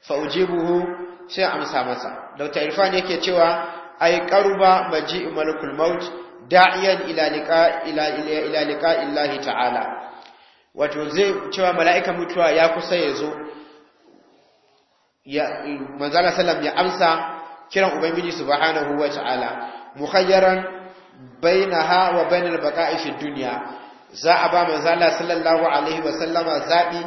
Fa’ujibuhu sai an amsa masa Dr. Irfan yake cewa ai qaruba maji'u malakul maut da'iyan ila liqa ila ila liqa illahi ta'ala wato zai cewa mala'ika mutuwa ya kusa ya zo ya manzala sallam ya amsa kiran ubangiji subhanahu wa ta'ala mukhayyaran bainaha wa bainal baqa'i fi dunya za a ba manzo Allah sallallahu alaihi zaɓi zabi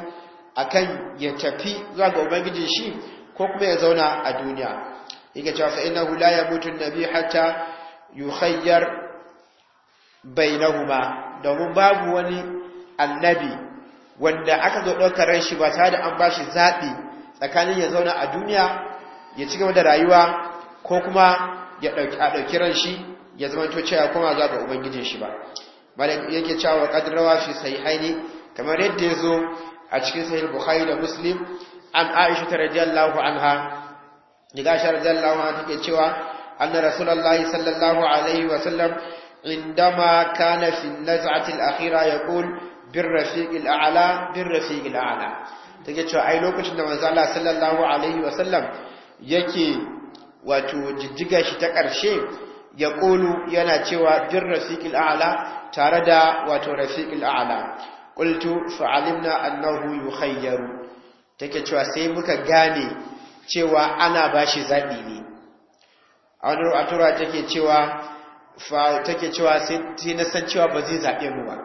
akan ya tafi zuwa ga ubangijin shi ko kuma ya zauna a duniya yake cewa fa innahu la yamutu nabi hatta yukhayyar bainahuma domin babu wani annabi wanda aka zo ɗaukar ran shi ba tare da an ba shi zaɓi tsakanin ya zauna a duniya ya ci gaba da rayuwa ko kuma ya ɗauki ran shi ya zama to cewa kuma za ga ubangijin shi ba malik yake cewa qad rawa sahihaini kamar yadda yazo a cikin sahih bukhari da muslim an aisha radhiyallahu anha daga aisha radhiyallahu anha take cewa anna rasulullahi sallallahu alaihi wa sallam عندما كان في النزعة الأخيرة يقول بالرفيق الأعلى بالرفيق الأعلى تجد lokacin da نما زال صلى الله عليه وسلم يكي wato jijjiga shi ta ƙarshe ya ƙulu yana cewa bin rafiƙil a'ala tare da wato rafiƙil a'ala ƙultu fa'alimna annahu Ta take cewa sai muka gane cewa ana bashi zaɓi ne a wani ru'atura take cewa sai na san cewa ba zai zaɓe mu ba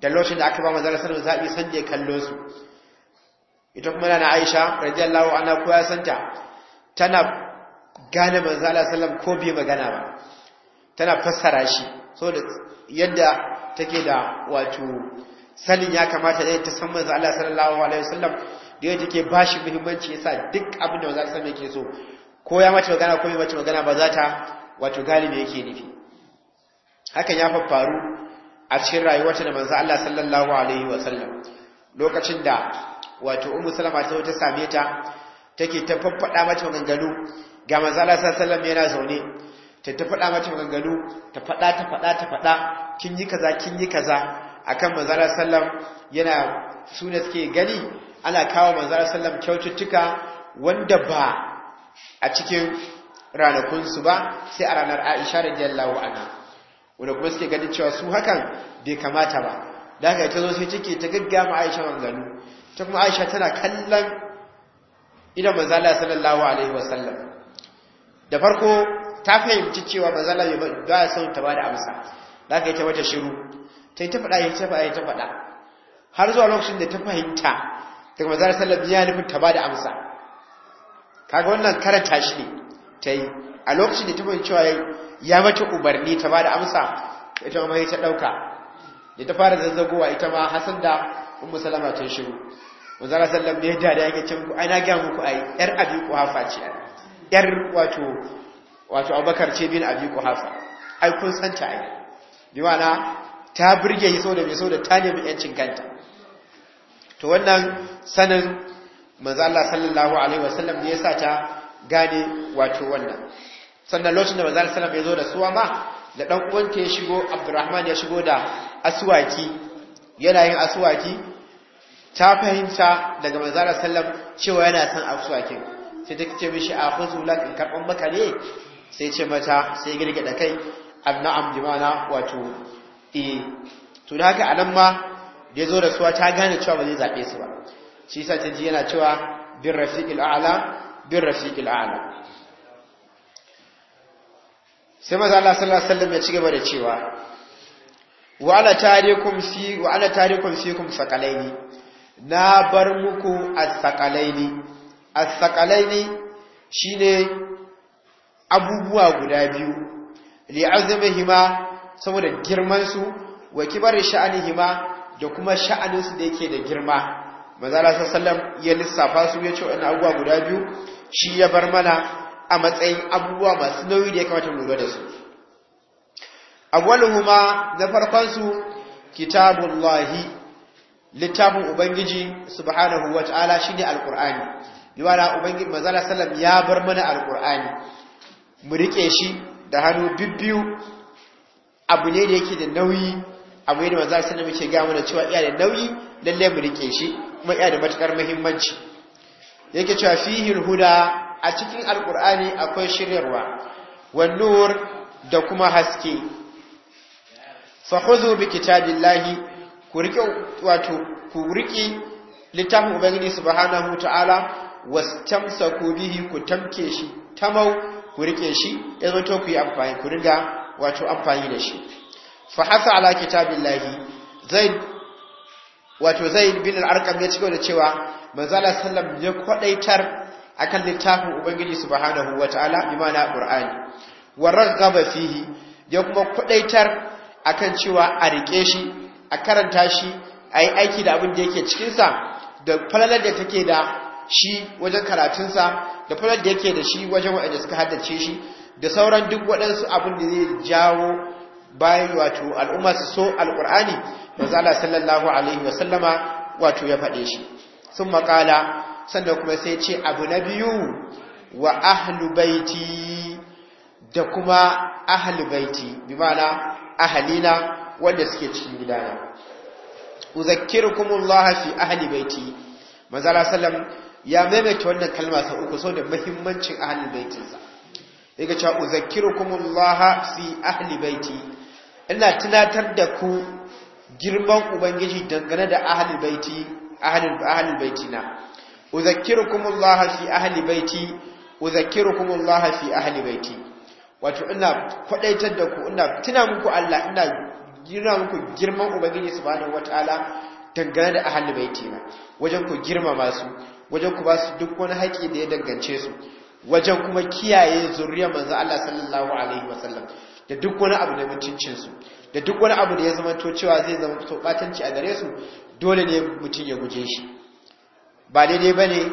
da lokacin da aka ba manzara sanar zaɓi san da ya kallo su ita kuma na aisha radiyallahu anha Ana, ya santa tana gane manzo Allah sallam ko bai magana ba tana fassara shi saboda yadda take da wato sanin ya kamata da ta san manzo Allah sallallahu alaihi wasallam da yadda take shi muhimmanci yasa duk abin da manzo Allah sallallahu yake so ko ya mace magana ko bai mace magana ba za ta wato galibi yake nufi hakan ya faffaru a cikin ta da manzo Allah sallallahu alaihi wasallam lokacin da wato ummu salama ta ta same ta take ta faffada mata maganganu ga mazala sallallahu yana zaune ta ta faɗa mata maganganu ta faɗa ta faɗa ta faɗa kin yi kaza kin yi kaza akan manzala sallam yana su suke gani ana kawo manzala sallam kyaututtuka wanda ba a cikin ranakun su ba sai a ranar Aisha da radiyallahu anha wanda kuma suke ganin cewa su hakan bai kamata ba da haka ta zo sai ta gaggama Aisha maganganu ta kuma Aisha tana kallon idan manzala sallallahu alaihi wasallam da farko ta fahimci cewa ba zala ba ya son ta ba da amsa za ka yi ta wata shiru ta yi ta faɗa ya ta faɗa ta faɗa har zuwa lokacin da ta fahimta daga mazara sallam ya nufin ta ba da amsa kaga wannan karanta shi ne ta yi a lokacin da ta fahimci cewa ya mata umarni ta ba da amsa ita ma ta ɗauka da ta fara zazzagowa ita ma hasan da ummu salama ta shiru mazara sallam biya da ya ga can ku ai na ga muku ai yar abi ku hafa ce yar wato wato abubakar ce bin abi kuhafa ai kun san ta ai bi ta burge shi da me da ta nemi yancin kanta to wannan sanin manzo Allah sallallahu alaihi wasallam ne yasa ta gane wato wannan sannan lokacin da manzo Allah sallallahu alaihi wasallam ya zo da suwa ma da dan uwanta ya shigo Abdurrahman ya shigo da aswaki yana yin aswaki ta fahimta daga manzo Allah sallallahu alaihi wasallam cewa yana son aswakin sai ta ce mishi a huzu lak in karɓar maka ne sai ce mata sai da kai anna'am jimana wato e to da haka anan ma da ya zo da suwa ta gane cewa ba zai zaɓe su ba shi sa ta ji yana cewa bin rafiqil a'la bin rafiqil a'la sai maza Allah sallallahu alaihi wasallam ya ci gaba da cewa wa ala tarikum fi wa ala tarikum fikum sakalaini na bar muku as-sakalaini al shi shine abubuwa guda biyu hima saboda girman su wa sha'anin hima, da kuma sha'aninsu su da yake da girma manzala sallam ya lissafa su ya ce wannan abubuwa guda biyu shi ya bar mana a matsayin abubuwa masu nauyi da ya kamata mu da su awwaluhuma na farkon su kitabullahi littafin ubangiji subhanahu wataala shine alqur'ani yawara ubangiji manzala sallam ya bar mana alqur'ani mu rike shi da hannu bibbiyu abu ne da yake da nauyi abu ne da manzala sallam yake ga mana cewa iya da nauyi lalle mu rike shi kuma iya da matukar muhimmanci yake cewa fihi huda a cikin alqur'ani akwai shiryarwa wan nur da kuma haske fa khudhu bi kitabillahi ku rike wato ku rike littafin ubangiji subhanahu ta'ala ku bihi ku tamke shi tamau ku rike shi ya zo to ku yi amfani ku riga wato amfani da shi fa hasa ala kitabillahi zaid wato zaid bin al-arqam ya cigaba da cewa manzala sallam ya kwadaitar akan littafin ubangiji subhanahu wataala bi ma'ana qur'ani wa raghaba fihi ya kuma kwadaitar akan cewa a rike shi a karanta shi a yi aiki da abin da yake cikinsa da falalar da take da shi wajen karatunsa da farar da yake da shi wajen waɗanda suka haddace shi da sauran duk waɗansu abin da zai jawo bayan wato al'umma su so alƙur'ani manzo Allah sallallahu alaihi wa sallama wato ya faɗe shi sun maƙala sannan kuma sai ce abu na biyu wa ahlu baiti da kuma ahlu baiti bi ma'ana ahalina wanda suke cikin gidana uzakkirukumullahi fi ahli baiti manzo sallallahu ya maimaita wannan kalma sau uku da mahimmancin ahalin baitinsa ga cewa uzakkirukumullah fi ahli baiti ina tunatar da ku girman ubangiji dangane da ahli baiti ahlul ahlul baitina uzakkirukumullah fi ahli baiti uZakiru kuma uzakkirukumullah fi ahli baiti wato ina kwadaitar da ku ina tuna muku Allah ina gina muku girman ubangiji subhanahu wataala dangane da ahli baitina wajen ku girmama su wajen ku ba su duk wani haƙi da ya dangance su wajen kuma kiyaye zuriyar manzo Allah sallallahu alaihi wasallam da duk wani abu da mutuncin su da duk wani abu da ya zama to cewa zai zama to batanci a gare su dole ne mutum ya guje shi ba daidai bane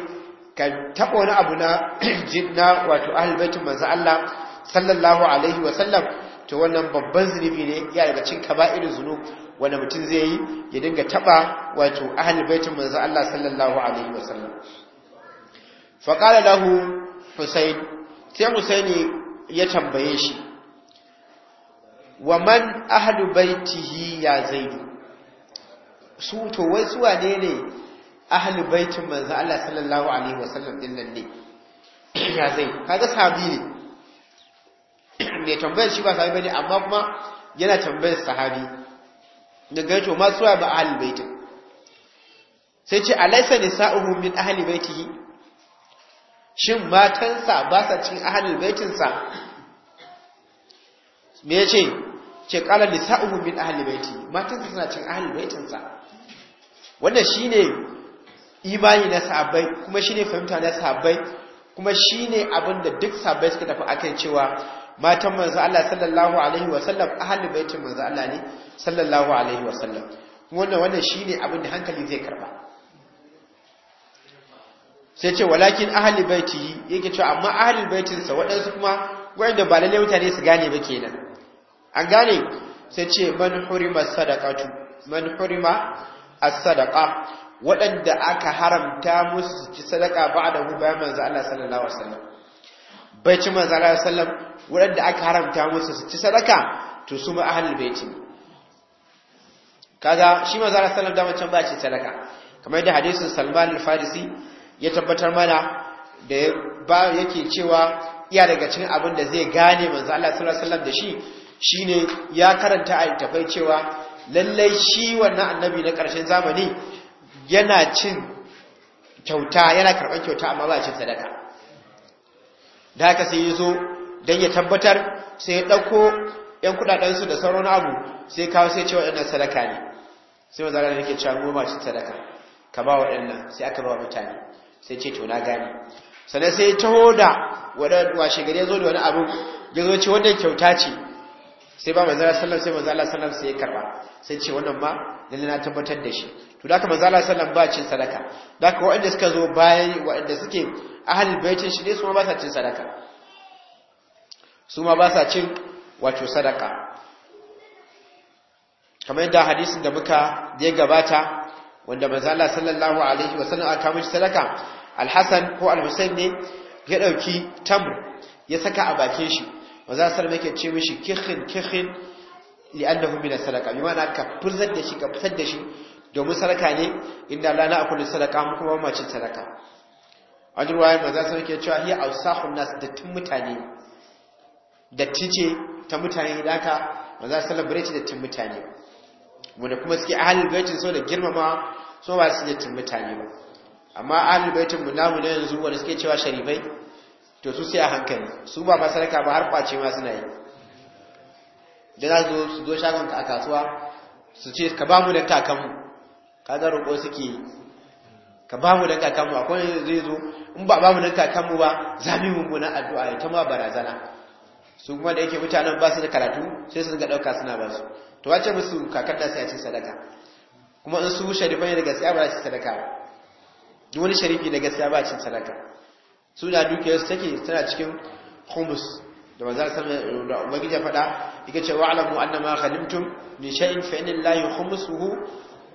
ka taɓa wani abu na jinna wato ahlul baitin manzo Allah sallallahu alaihi wasallam to wannan babban zunubi ne ya daga cin kaba'irin zunub wanda mutum zai yi ya dinga taba wato ahlul baitin manzo Allah sallallahu alaihi wasallam fa qala lahu husayn sai husaini ya tambaye shi wa man ahlul baitihi ya zaidu su to wai su wane ne ahlul baitin manzo Allah sallallahu alaihi wasallam din nan ne ya zai kaga sahabi ne mai tambayar shi ba sahabi bane amma kuma yana tambayar sahabi daga to ma suwa ba ahli baiti sai ce alaysa nisa'uhu min ahli baitihi shin matansa ba sa cikin ahli sa me yace ce qala nisa'uhu min ahli baiti matansa suna cikin ahli sa. wannan shine imani na sahabbai kuma shine fahimta na sahabbai kuma shine abinda duk sahabbai suka tafi akan cewa matan manzo Allah sallallahu alaihi wa sallam, ahli baitin manzo Allah ne sallallahu alaihi wa sallam. wannan wannan shine abin da hankali zai karba sai ce walakin ahli baiti yake cewa amma ahli baitin sa wadansu kuma wanda ba lalle mutane su gane ba kenan an gane sai ce man hurima sadaqatu man hurima as-sadaqa waɗanda aka haramta musu ci sadaka ba da bayan manzo Allah sallallahu alaihi wa bai ci manzo Allah sallallahu alaihi wurin aka haramta musu su ci sadaka to su ma ahlul baiti kaga shi manzo Allah sallallahu alaihi wasallam ba ci sadaka kamar da hadisin Salman al-Farisi ya tabbatar mana da ba yake cewa iya daga cikin abin da zai gane manzo Allah sallallahu alaihi wasallam da shi shine ya karanta a tafai cewa lallai shi wannan annabi na karshen zamani yana cin kyauta yana karɓar kyauta amma ba cin sadaka da haka sai yazo don ya tabbatar sai ya ɗauko ‘yan kuɗaɗensu da sauran abu sai kawo sai cewa ‘yan sadaka ne sai wa da yake cewa goma shi sadaka ka ba wa sai aka ba mutane sai ce to na gane sannan sai ya taho da washe gari ya zo da wani abu ya zo ce wannan kyauta ce sai ba mazala sallam sai mazala sallam sai ya karba sai ce wannan ma lalle na tabbatar da shi to da ka mazala sallam ba cin sadaka da ka waɗanda suka zo bayan waɗanda suke ahalin baitin shi ne su ma ba sa cin sadaka su ma ba sa cin wato sadaka kamar yadda hadisin da muka ya gabata wanda manzo Allah sallallahu alaihi wasallam aka mishi sadaka Alhassan ko al ne ya ɗauki tamr ya saka a bakin shi manzo sallallahu yake ce mishi kikhin kikhin li'annahu min as sadaka bi mana ka furzar da shi ka fitar da shi domin sadaka ne inda Allah na sadaka mu kuma mace sadaka an ruwaya manzo sallallahu ce cewa hiya awsahun nas da tun mutane datti ce ta mutane da aka ba za su celebrate dattin mutane ba wanda kuma suke ahalul baitin sau da girmama so ba su dattin mutane ba amma ahalul baitin mu namu na yanzu wanda suke cewa sharifai to su sai a hankali su ba ba ba har kwace ma suna yi da za su zo shagon ka a kasuwa su ce ka ba mu dan kakanmu zan roƙo suke ka ba mu dan kakanmu akwai zai zo in ba ba mu dan kakanmu ba za mu yi mummunan addu'a ya ta ma barazana su kuma da yake mutanen ba su da karatu sai su ga dauka suna ba su to wace musu kakar da sai a ce sadaka kuma in su sharifai da gaskiya ba su sadaka duk wani sharifi da gaskiya ba cin sadaka su da dukiyar su take tana cikin humus da manzo sallallahu da ubangiji ya faɗa yake cewa wa'lamu annama ghanimtum min shay'in fa inna lillahi khumsuhu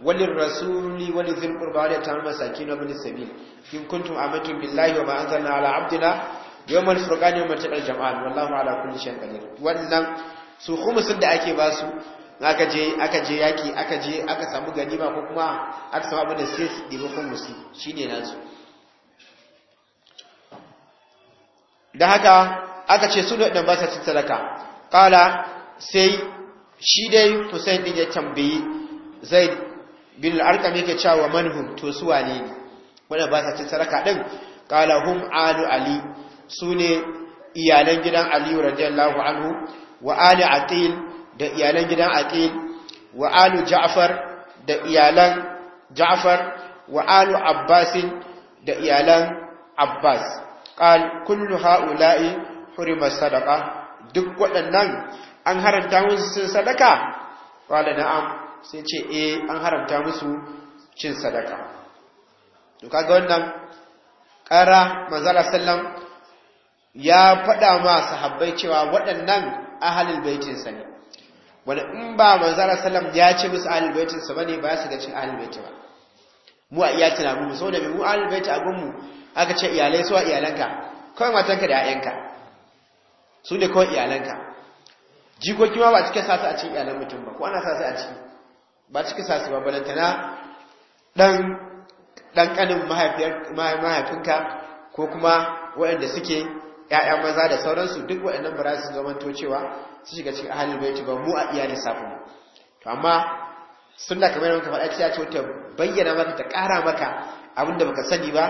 وللرسول ولذي القربى واليتامى والمساكين وابن السبيل إن كنتم billahi بالله وما أنزلنا على عبدنا yawmal furqan yawmal taqal jama'a. wallahu ala kulli shay'in qadir wannan su khumusin da ake ba su aka je aka je yaki aka je aka samu ganima ko kuma aka samu abin da sai su dibi khumusi shine nasu da haka aka ce su da ba sa cin sadaka qala sai shi dai Hussein din ya tambayi Zaid bin al-Arqam yake cewa manhum to su ne wanda ba sa cin talaka din qala hum alu ali su ne iyalan gidan aliyu radiyallahu anhu wa ali atil da iyalan gidan atil wa alu ja'far da iyalan ja'far wa alu abbasin da iyalan abbas qal kullu haula'i hurima sadaqa duk waɗannan an haranta musu cin sadaka wala na'am sai ce eh an haramta musu cin sadaka to kaga wannan ƙara manzala sallallahu ya faɗa ma sahabbai cewa waɗannan ahalul baitinsa ne wanda in ba manzara sallam ya ce musu ahalin baitinsa ba ne ba su ga cin ahalul baiti ba mu a iya tunanin mu saboda mu ahalin baiti a gunmu aka ce iyalai su a iyalanka kawai matanka da 'ya'yanka su ne kawai iyalanka jikoki ma ba cikin sa a cikin iyalan mutum ba ko ana sa a ciki ba cikin sa su ba balantana dan dan kanin mahaifinka ko kuma waɗanda suke 'ya'ya maza da sauransu duk waɗannan ba za su zamanto cewa su shiga cikin ahalin baiti ba mu a iya lissafin to amma sunna kamar yadda faɗa cewa ce ta bayyana maka ta ƙara maka abin da baka sani ba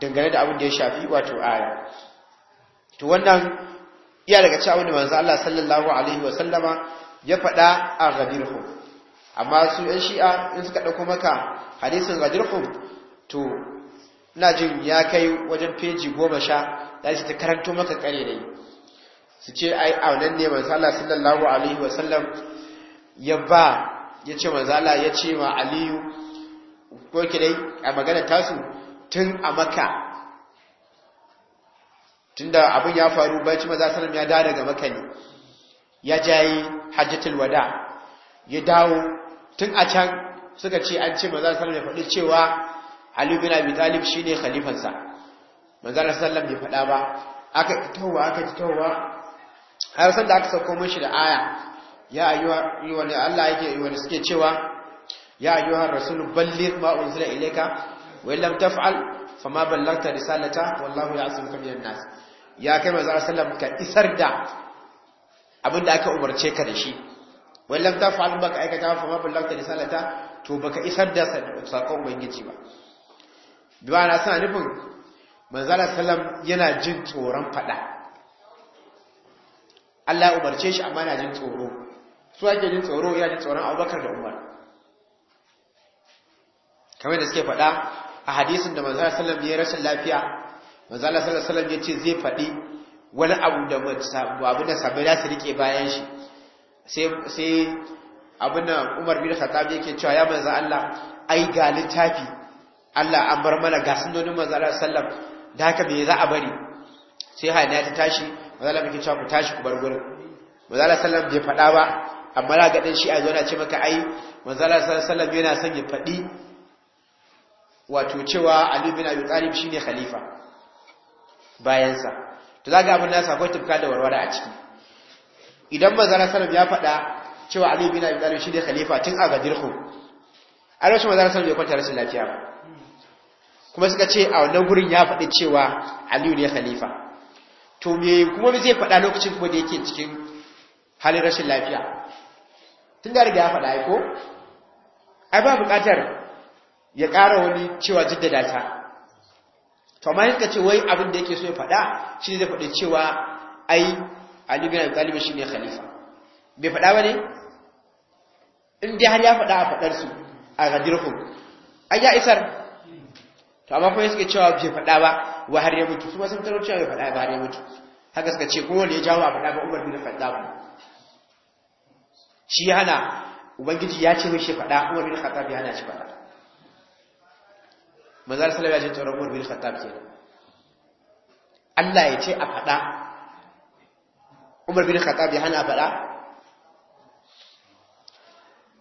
dangane da abin da ya shafi wato aya to wannan iya daga cewa abin manzo Allah sallallahu alaihi wa sallama ya faɗa a ghadirhu amma su yan shi'a in suka ɗauko maka hadisin ghadirhu to ina jin ya kai wajen feji goma sha za su ta karanto maka ne su ce ai a nan ne manzo Allah sallallahu alaihi sallam ya ba ya ce manzo Allah ya ce ma Aliyu ko ki dai a magana tasu tun a Makka tunda abin ya faru bayan maza sallam ya dawo daga Makka ne ya jayi hajjatul wada ya dawo tun a can suka ce an ce maza sallam ya faɗi cewa Ali bin Abi Talib shine khalifansa manzala sallam bai faɗa ba aka fitowa aka fitowa har san da aka sauko shi da aya ya ayyuha wani Allah yake wani suke cewa ya ayyuha rasul ballir ma unzila ilayka wa lam taf'al fama ballagta risalata wallahu ya'simuka minan nas ya kai manzala sallam ka isar da abinda aka umarce ka da shi wa lam taf'al baka aikata fama ballagta risalata to baka isar da sakon ubangiji ba bi ba na sa nufin Manzara salam yana jin tsoron fada Allah ya umarce shi amma yana jin tsoro su ake jin tsoro yana jin tsoron abubakar da umar kamar da suke fada a hadisin da manzara salam ya rashin lafiya manzala sallam ya ce zai faɗi wani abu da abu da sabai da su rike bayan shi sai abin da umar bin khattab yake cewa ya manzo Allah ai ga littafi Allah an bar mana ga sunnonin manzo Allah sallam da haka bai za a bari sai hayaniya ta tashi mazala muke cewa ku tashi ku bar gurin mazala sallam bai faɗa ba amma na gaɗin shi a zo na ce maka ai mazala sallam yana son ya faɗi wato cewa ali bin abi talib shine khalifa bayansa to zaga abin nasa akwai tufka da warware a ciki idan mazala sallam ya faɗa cewa ali bin abi talib shine khalifa tun a gadirhu a rashin mazala sallam bai kwanta rashin lafiya ba kuma suka ce a wannan gurin ya faɗi cewa aliyu ne khalifa to me kuma zai faɗa lokacin kuma da yake cikin halin rashin lafiya tun da riga ya faɗa ko ai ba buƙatar ya ƙara wani cewa jiddada ta to amma suka ce wai abin da yake so ya faɗa shi ne zai faɗi cewa ai aliyu bin abi shi ne khalifa bai faɗa ba ne in dai har ya faɗa a faɗarsu a gadirhum ai ya isar to amma kuma suke cewa bai faɗa ba wa har ya mutu ba sun taro cewa bai faɗa ba har ya mutu haka suka ce kuma wanda ya jawo a faɗa ba Umar bin Khattab shi hana ubangiji ya ce mishi faɗa Umar bin Khattab ya hana shi faɗa manzo sallallahu ya ce tsoron Umar bin Khattab kenan Allah ya ce a faɗa Umar bin Khattab ya hana faɗa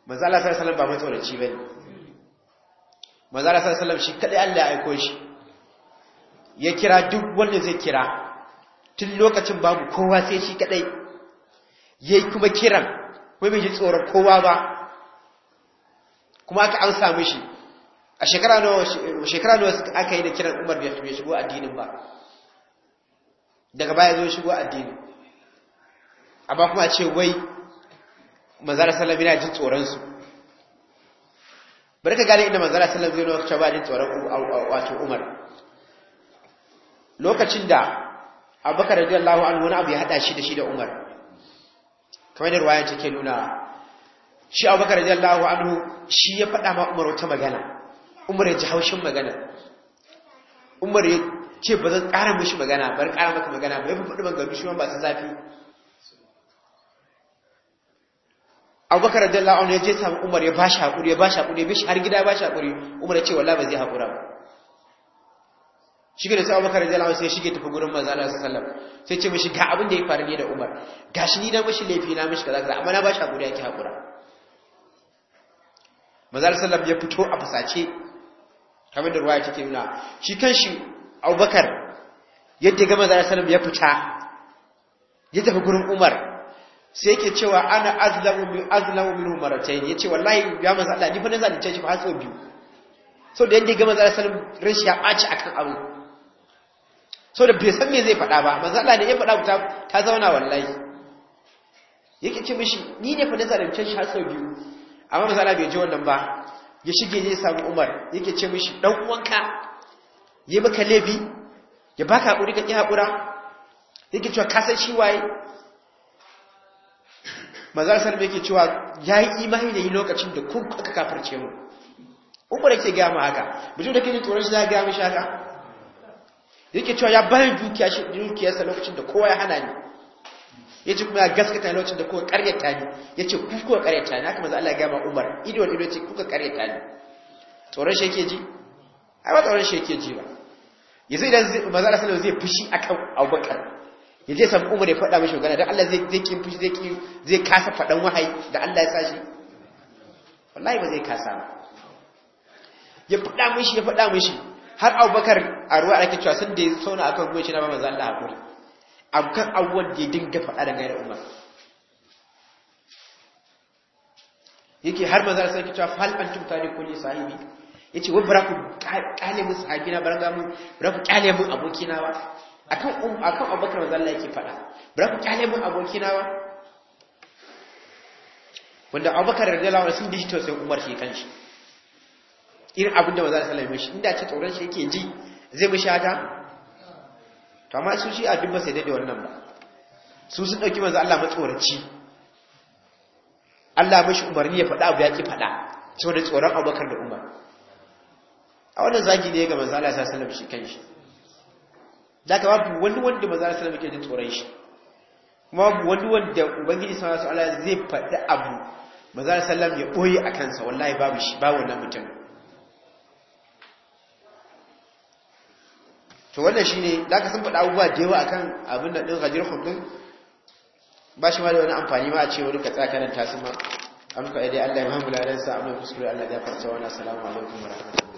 manzo Allah ba mai tsoraci bane manzara sallallahu alaihi wasallam shi kadai Allah ya aiko shi ya kira duk wanda zai kira tun lokacin babu kowa sai shi kadai yayi kuma kiran wai bai ji tsoron kowa ba kuma aka an samu shi a shekara nawa shekara nawa aka yi da kiran Umar bai shigo addinin ba daga baya zo shigo addini amma kuma ce wai manzara sallallahu alaihi wasallam yana jin tsoron su bari ka gane inda manzara sallar zai lokacin ba jin tsoron wato Umar lokacin da Abubakar da radiyallahu anhu wani abu ya hada shi da shi da Umar kamar da ruwayan take nuna shi Abubakar da radiyallahu anhu shi ya faɗa ma Umar wata magana Umar ya ji haushin magana Umar ya ce ba zan ƙara mishi magana bari ƙara maka magana ba ya faɗi magana shi ba su zafi abubakar da anhu ya je samun umar ya bashi hakuri ya bashi hakuri ya bishi har gida bashi hakuri umar ya ce wallahi ba zai hakura ba shiga da sai abubakar da anhu sai shige tafi gurin manzo Allah sallallahu alaihi wasallam sai ce mishi ga abin da ya faru ne da umar gashi ni na mishi laifi na mishi kaza kaza amma na bashi hakuri yake hakura manzo Allah sallallahu ya fito a fasace kamar da ruwaya take nuna shi kanshi abubakar yadda ga manzo Allah ya fita ya tafi gurin umar sai yake cewa ana azlamu bi azlamu minhu maratayn yace wallahi ya manzo Allah ni fa na zalunce shi fa har biyu so da yanda ga manzo Allah sallallahu alaihi wasallam rashi ya baci akan abu so da bai san me zai faɗa ba manzo Allah da ya faɗa ta ta zauna wallahi yake ce mishi ni ne fa na zalunce shi har sau biyu amma manzo Allah bai ji wannan ba ya shige ya samu Umar yake ce mishi dan uwanka yi maka laifi ya baka hakuri ka ki hakura yake cewa ka san shi waye mazar sallallahu ke cewa yi imani da yi lokacin da kun aka kafirce mu umar yake gama mu haka mutum da ke tsoron shi za gama shi haka yake cewa ya bayan dukiya shi dukiyarsa lokacin da kowa ya hana ni ce kuma ya gaskata lokacin da kowa karyata ni ya ku kuka karyata ne haka manzo Allah ya Umar ido ido ce kuka karyata ni tsoron shi yake ji ai ba tsoron shi yake ji ba yanzu idan manzo Allah zai fushi akan Abubakar ya je samu umar ya faɗa mashi magana don Allah zai kin fushi zai zai kasa faɗan wahayi da Allah ya sa shi wallahi ba zai kasa ya faɗa mashi ya faɗa mashi har abubakar a ruwa ake cewa sun da ya sauna akan ruwa shi na mamman Allah a haƙuri abukan abubuwan da ya dinga faɗa da gairar umar yake har manzan sai ke cewa fal an tumta ne kulli sahibi yace wa bara ku kale mun sahabi na bara ku kale mun ba akan um akan abubakar manzo Allah yake faɗa Bari ku kyale mun abokina ba wanda abubakar radiyallahu anhu sun ji shi to sai umar shi kanshi irin abin da manzo Allah sallallahu alaihi wasallam inda ce tsoron shi yake ji zai bi shata to amma su shi a dubba sai dai da wannan ba su sun dauki manzo Allah matsoraci Allah mashi umarni ya faɗa abu ya ki faɗa saboda tsoron abubakar da umar a wannan zagi ne ga manzo Allah sallallahu alaihi wasallam shi kanshi da ka babu wani wanda maza a sarrafa jin tsoron shi kuma babu wani wanda ubangiji su ala zai faɗi abu maza sallallahu ya ɓoye a kansa wallahi babu shi ba wannan mutum to wannan ne za ka sun faɗa abubuwa da yawa akan abin da ɗin hajjir hukun ba shi ma da wani amfani ma a ce wani ka tsakanin tasu ma an faɗi dai Allah ya mahammula dan fuskuri Allah ya farsa wani assalamu alaikum wa rahmatullahi